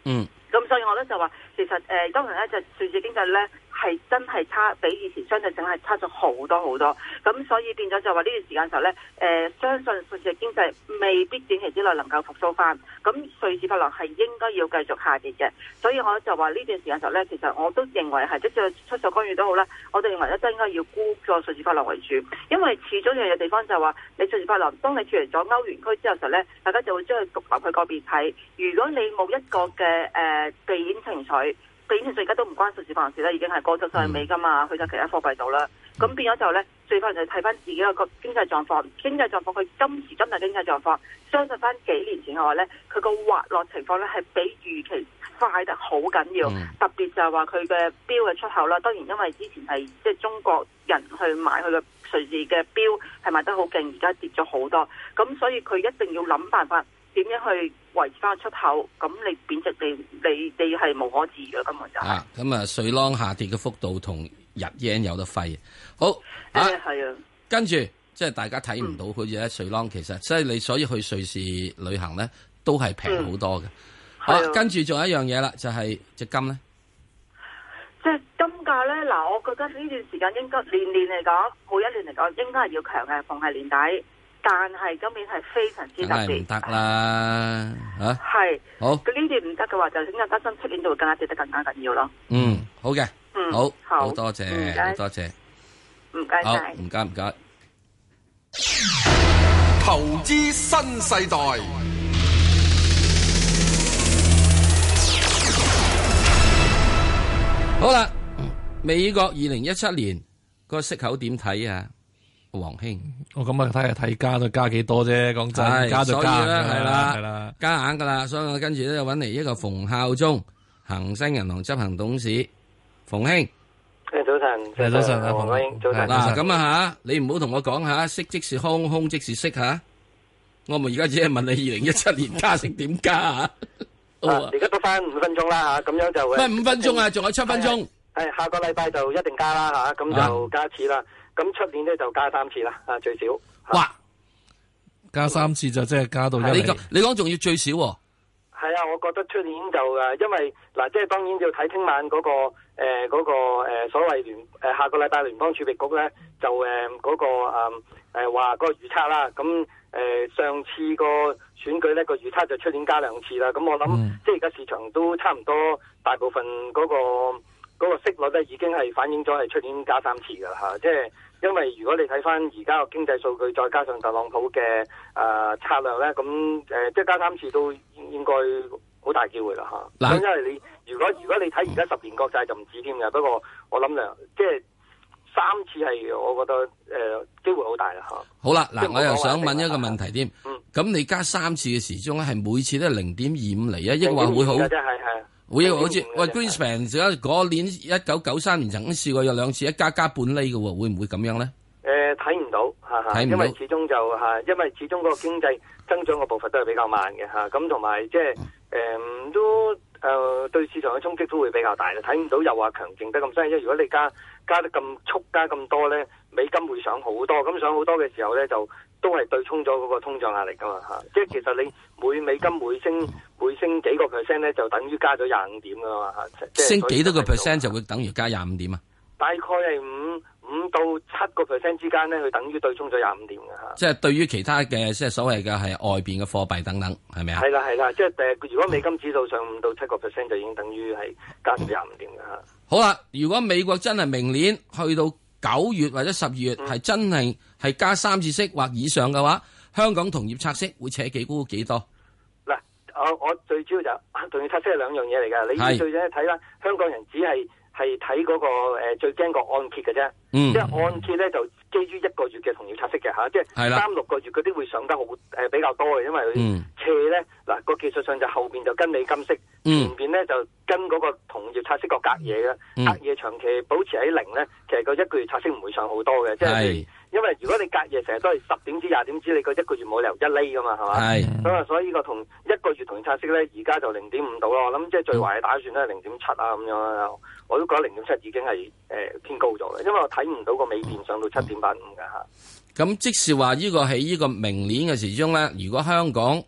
嗯，咁所以我咧就話，其實誒，當然咧就數字經濟咧。係真係差，比以前相對性係差咗好多好多。咁所以變咗就話呢段時間時候呢，誒、呃、相信瑞士經濟未必短期之內能夠復甦翻。咁瑞士法郎係應該要繼續下跌嘅。所以我就話呢段時間時候呢，其實我都認為係，即使出售干預都好啦，我哋認為咧都應該要沽作瑞士法郎為主，因為始終有樣嘢地方就係話，你瑞士法郎當你脫離咗歐元區之後時候呢，大家就會將佢獨立去個別睇。如果你冇一個嘅誒、呃、避險情緒。佢以前最近都唔關瑞士法郎事啦，已經係過咗曬美㗎嘛，去咗其他貨幣度啦。咁變咗之後咧，最緊要就係睇翻自己個經濟狀況。經濟狀況佢今時今日經濟狀況，相信翻幾年前嘅話咧，佢個滑落情況咧係比預期快得好緊要。嗯、特別就係話佢嘅標嘅出口啦，當然因為之前係即係中國人去買佢嘅瑞士嘅標，係賣得好勁，而家跌咗好多。咁所以佢一定要諗辦法。點樣去維持翻個出口？咁你貶值，地，你你係無可置疑嘅。啦、就是，咁就啊，咁啊，瑞郎下跌嘅幅度同日 yen 有得揮，好係啊，跟住即係大家睇唔到，佢似咧瑞郎，其實即係你所以去瑞士旅行咧都係平好多嘅。的好，跟住仲有一樣嘢啦，就係、是、只金咧，即係金價咧。嗱，我覺得呢段時間應該年年嚟講，每一年嚟講，應該係要強嘅，逢係年底。但係今年係非常之特別，唔得啦吓，係、啊、是好，佢呢啲唔得嘅話，就更加擔心出年就會更加跌得更加緊要咯。嗯，好嘅，嗯，好，好多謝，多謝，唔該，好唔該唔該。投資新世代，好啦，美國二零一七年個息口點睇啊？黃興，我咁啊睇下睇加都加幾多啫，講真，加就加唔得啦，加硬噶啦，所以我跟住咧揾嚟一個馮孝忠，恒生銀行執行董事，馮興，誒早晨，誒早晨啊馮，早晨，嗱咁啊吓，你唔好同我講吓，息即是空，空即是息吓，我咪而家只係問你二零一七年加成點加啊？而家都返五分鐘啦吓，咁樣就，唔係五分鐘啊，仲有七分鐘，係下個禮拜就一定加啦吓，咁就加一次啦。咁出年咧就加三次啦，啊最少。哇！加三次就即係加到一是是你講，你講仲要最少。係啊，我覺得出年就誒，因為嗱、啊，即係當然要睇聽晚嗰、嗰個誒，嗰、呃嗰個誒、呃、所謂聯誒下個禮拜聯邦儲備局咧就誒嗰、呃嗰個誒話、呃、個預測啦。咁誒、呃、上次個選舉咧個預測就出年加兩次啦。咁、嗯、我諗即係而家市場都差唔多，大部分嗰、嗰個、嗰個息率咧已經係反映咗係出年加三次噶啦吓，即係。因為如果你睇翻而家個經濟數據，再加上特朗普嘅、誒、呃、策略咧，咁、呃、誒即係加三次都應該好大機會啦吓。嗱，因為你如果如果你睇而家十年國債就唔止添嘅，嗯、不過我諗咧，即係三次係我覺得誒、呃、機會好大啦吓。好啦，嗱，我又想問一個問題添。咁、嗯、你加三次嘅時鐘係每次都係零點二五厘啊？抑或會好？系係。會好似喂 Greenspan 嗰年一九九三年曾經試過有兩次一加加半厘嘅喎，會唔會咁樣咧？誒，睇唔到，睇唔到，因為始終就吓，因為始終嗰個經濟增長嘅步伐都係比較慢嘅吓，咁同埋即係誒都誒、呃、對市場嘅衝擊都會比較大啦。睇唔到又話強勁得咁犀，因為如果你加加得咁速，加咁多咧，美金會上好多，咁上好多嘅時候咧就。都係對沖咗嗰個通脹壓力噶嘛嚇，即係其實你每美金每升、嗯、每升幾個 percent 咧，就等於加咗廿五點噶嘛嚇，即、啊、係升幾多個 percent、啊、就會等於加廿五點啊？大概係五五到七個 percent 之間咧，佢等於對沖咗廿五點嘅嚇。啊、即係對於其他嘅即係所謂嘅係外邊嘅貨幣等等係咪啊？係啦係啦，即係誒，如果美金指數上五到七個 percent 就已經等於係加咗廿五點嘅嚇。啊嗯、好啦，如果美國真係明年去到。九月或者十二月係、嗯、真係係加三次息或以上嘅話，香港同業拆息會扯幾高幾多？嗱，我我最主要就係、同業拆息係兩樣嘢嚟嘅，是你最緊要睇啦，香港人只係。係睇嗰個、呃、最驚個按揭嘅啫，嗯、即係按揭咧就基於一個月嘅同業拆息嘅嚇，即係三六個月嗰啲會上得好誒、呃、比較多嘅，因為斜咧嗱、嗯、個技術上就後邊就跟你金色，前邊咧就跟嗰個同業拆息個隔夜嘅，嗯、隔夜長期保持喺零咧，其實個一個月拆息唔會上好多嘅，嗯、即係是。因為如果你隔夜成日都係十點至廿點止，你一個，一 個一個月冇理由一厘噶嘛，係嘛？咁啊，所以呢個同一個月同拆息咧，而家就零點五度咯。我諗即係最壞嘅打算咧，零點七啊咁樣，我都覺得零點七已經係誒偏高咗嘅，因為我睇唔到個美電上到七點八五噶吓。咁 即使話呢個喺呢個明年嘅時鐘咧，如果香港。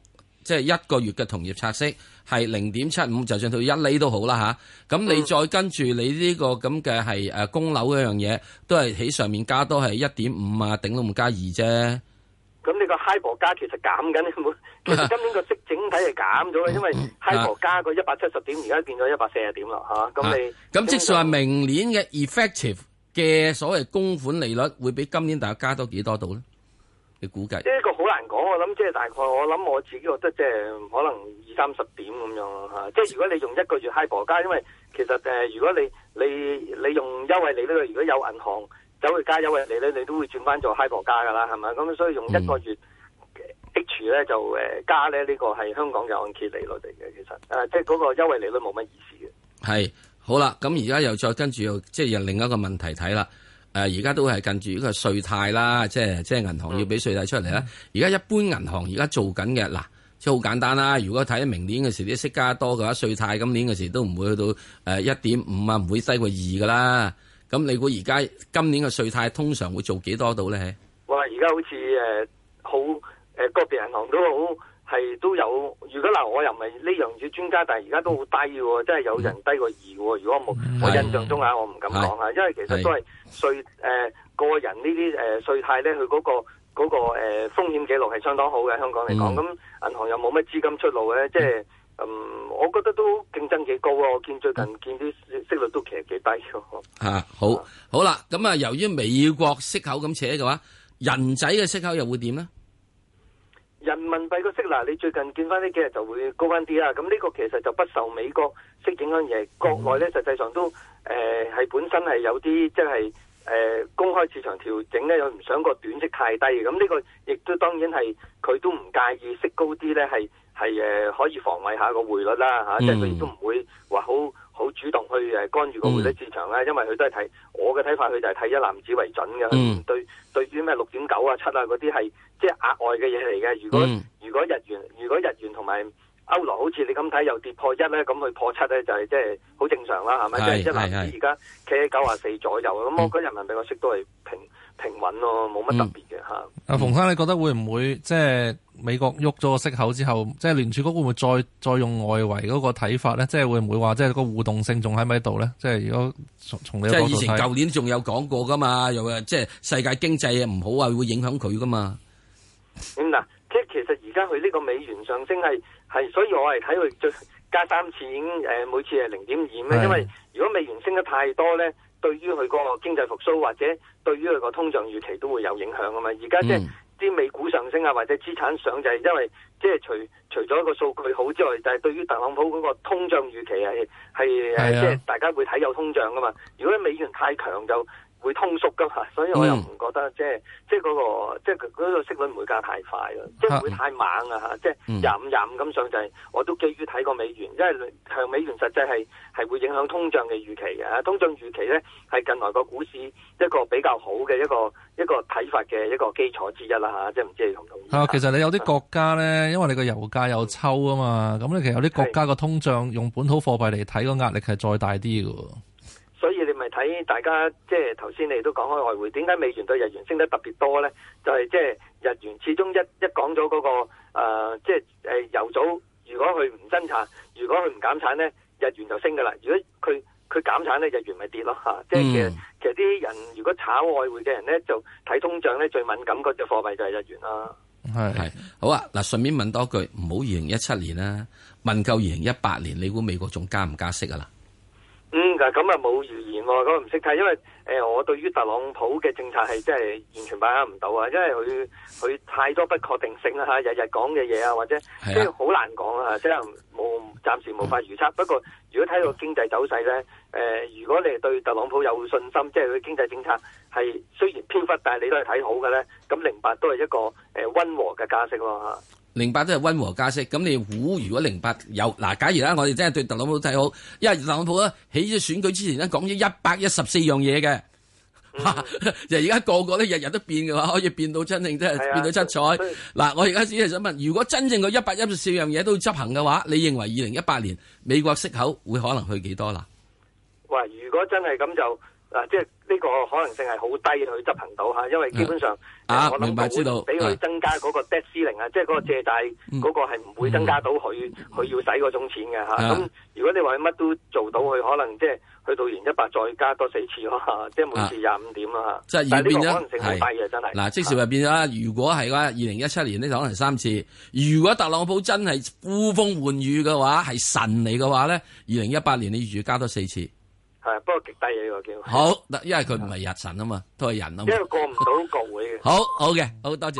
即係一個月嘅同業拆息係零點七五，就算到一厘都好啦嚇。咁你再跟住你呢個咁嘅係誒供樓嗰樣嘢，都係喺上面加多係一點五啊，頂到唔加二啫。咁你個 HIBOR 加其實減緊，其實今年個息整體係減咗嘅，因為 HIBOR 加個一百七十點而家變咗一百四十點啦嚇。咁你咁即係話明年嘅 effective 嘅所謂供款利率會比今年大家加多幾多度咧？你估計一個好難講，我諗即係大概，我諗我自己覺得即係可能二三十點咁樣咯嚇、啊。即係如果你用一個月 high 婆加，因為其實誒、呃，如果你你你用優惠利率，如果有銀行走去加優惠利率，你都會轉翻做 high 婆加噶啦，係咪？咁所以用一個月 H 咧、呃、就誒加咧呢、這個係香港嘅按揭利率嚟嘅，其實誒、啊、即係嗰個優惠利率冇乜意思嘅。係好啦，咁而家又再跟住又即係又另一個問題睇啦。誒而家都係近住一個稅貸啦，即係即係銀行要俾稅貸出嚟啦。而家、嗯、一般銀行而家做緊嘅，嗱，即係好簡單啦。如果睇明年嘅時啲息加多嘅話，稅貸今年嘅時都唔會去到誒一點五啊，唔會低過二噶啦。咁你估而家今年嘅稅貸通常會做幾多度咧？哇！而家好似誒、呃、好誒，個、呃、別銀行都好。係都有，如果嗱，我又唔係呢樣嘢專家，但係而家都好低喎，真係有人低過二喎。如果我冇，的我印象中啊，我唔敢講啊，因為其實都係稅誒個人態呢啲誒稅貸咧，佢嗰、個嗰、個誒、呃、風險記錄係相當好嘅，香港嚟講，咁、嗯、銀行又冇乜資金出路咧，嗯、即係嗯、呃，我覺得都競爭幾高啊！我見最近、嗯、見啲息率都其實幾低喎、啊。好，好啦，咁啊，由於美國息口咁扯嘅話，人仔嘅息口又會點咧？人民幣個息嗱，你最近見翻呢幾日就會高翻啲啦。咁、這、呢個其實就不受美國息影響嘅，國內咧實際上都誒係、呃、本身係有啲即係誒公開市場調整咧，有唔想個短息太低。咁、這、呢個亦都當然係佢都唔介意息高啲咧，係係誒可以防衞下個匯率啦嚇，啊嗯、即係佢亦都唔會話好好主動去誒干預個匯率市場啦。嗯、因為佢都係睇我嘅睇法，佢就係睇一籃子為準嘅、嗯。對對，啲咩六點九啊、七啊嗰啲係。即係額外嘅嘢，嚟嘅。如果、嗯、如果日元如果日元同埋歐羅好似你咁睇又跌破一咧，咁去破七咧就係即係好正常啦，係咪？是即係嗱，你而家企喺九啊四左右，咁我覺得人民幣個息都係平平穩咯，冇乜特別嘅吓。阿、嗯啊、馮生，你覺得會唔會即係美國喐咗個息口之後，即係聯儲局會唔會再再用外圍嗰個睇法咧？即係會唔會話即係個互動性仲喺咪度咧？即係如果從即係以前舊年仲有講過噶嘛，又即係世界經濟唔好啊，會影響佢噶嘛。咁嗱，即係、嗯、其實而家佢呢個美元上升係系，所以我係睇佢最加三次已經誒、呃，每次係零點二咩？因為如果美元升得太多咧，對於佢嗰個經濟復蘇或者對於佢個通脹預期都會有影響噶嘛。而家即係啲美股上升啊，或者資產上就係因為即係除除咗個數據好之外，就係、是、對於特朗普嗰個通脹預期係係即係大家會睇有通脹噶嘛。如果美元太強就。會通縮噶嚇，所以我又唔覺得、嗯、即係、嗰個、即係嗰、嗰個即係嗰個息率唔會加太快咯，即係唔會太猛啊嚇，即係廿五廿五咁上就係。嗯、25, 25，我都基於睇過美元，因為向美元實際係係會影響通脹嘅預期嘅、啊。通脹預期咧係近來個股市一個比較好嘅一個一個睇法嘅一個基礎之一啦嚇，即係唔知你同唔同意？其實你有啲國家咧，嗯、因為你個油價又抽啊嘛，咁咧其實有啲國家個通脹是用本土貨幣嚟睇個壓力係再大啲嘅。所以你咪睇大家，即係頭先你都講開外匯，點解美元對日元升得特別多咧？就係即係日元始終一一講咗嗰個誒，即係誒，油，就是呃、早如果佢唔增產，如果佢唔減產咧，日元就升噶啦。如果佢佢減產咧，日元咪跌咯吓。即係、嗯、其實其實啲人如果炒外匯嘅人咧，就睇通脹咧最敏感嗰隻貨幣就係日元啦。係係是好啊！嗱，順便問多句，唔好二零一七年啦，問夠二零一八年，你估美國仲加唔加息啊啦？嗯，嗱咁啊冇預言喎，咁啊唔識睇，因為誒、呃、我對於特朗普嘅政策係真係完全把握唔到啊，因為佢佢太多不確定性啦嚇，日日講嘅嘢啊或者即係好難講啊，即係冇暫時無法預測。嗯、不過如果睇到經濟走勢呢，誒、呃、如果你對特朗普有信心，即係佢經濟政策係雖然飄忽，但係你都係睇好嘅呢。咁零八都係一個誒、呃、溫和嘅加息咯嚇。零八都係温和加息，咁你估如果零八有嗱，假如咧，我哋真係對特朗普睇好，因為特朗普咧喺選舉之前咧講咗一百一十四樣嘢嘅，就而家個個咧日日都變嘅話，可以變到真正真係變到七彩。嗱，我而家只係想問，如果真正個一百一十四樣嘢都執行嘅話，你認為二零一八年美國息口會可能去幾多啦？喂！如果真係咁就嗱，即係呢個可能性係好低去執行到吓，因為基本上。啊，明白知道，俾佢增加嗰個 debt ceiling 啊、嗯，即係嗰個借貸嗰、嗯、個係唔會增加到佢，佢、嗯、要使嗰種錢嘅吓。咁、嗯啊嗯、如果你話佢乜都做到，佢可能即、就、係、是、去到完一百再加多四次咯，即係每次廿五點啊，即係二零一，可能性係低啊，真係。嗱，即時又變啦，如果係嘅話，二零一七年呢，就可能三次。如果特朗普真係呼風喚雨嘅話，係神嚟嘅話咧，二零一八年你預住加多四次。不過極低嘢個叫好，嗱，因為佢唔係日神啊嘛，都係人啊嘛，因為過唔到國會嘅。 好好嘅，好多謝。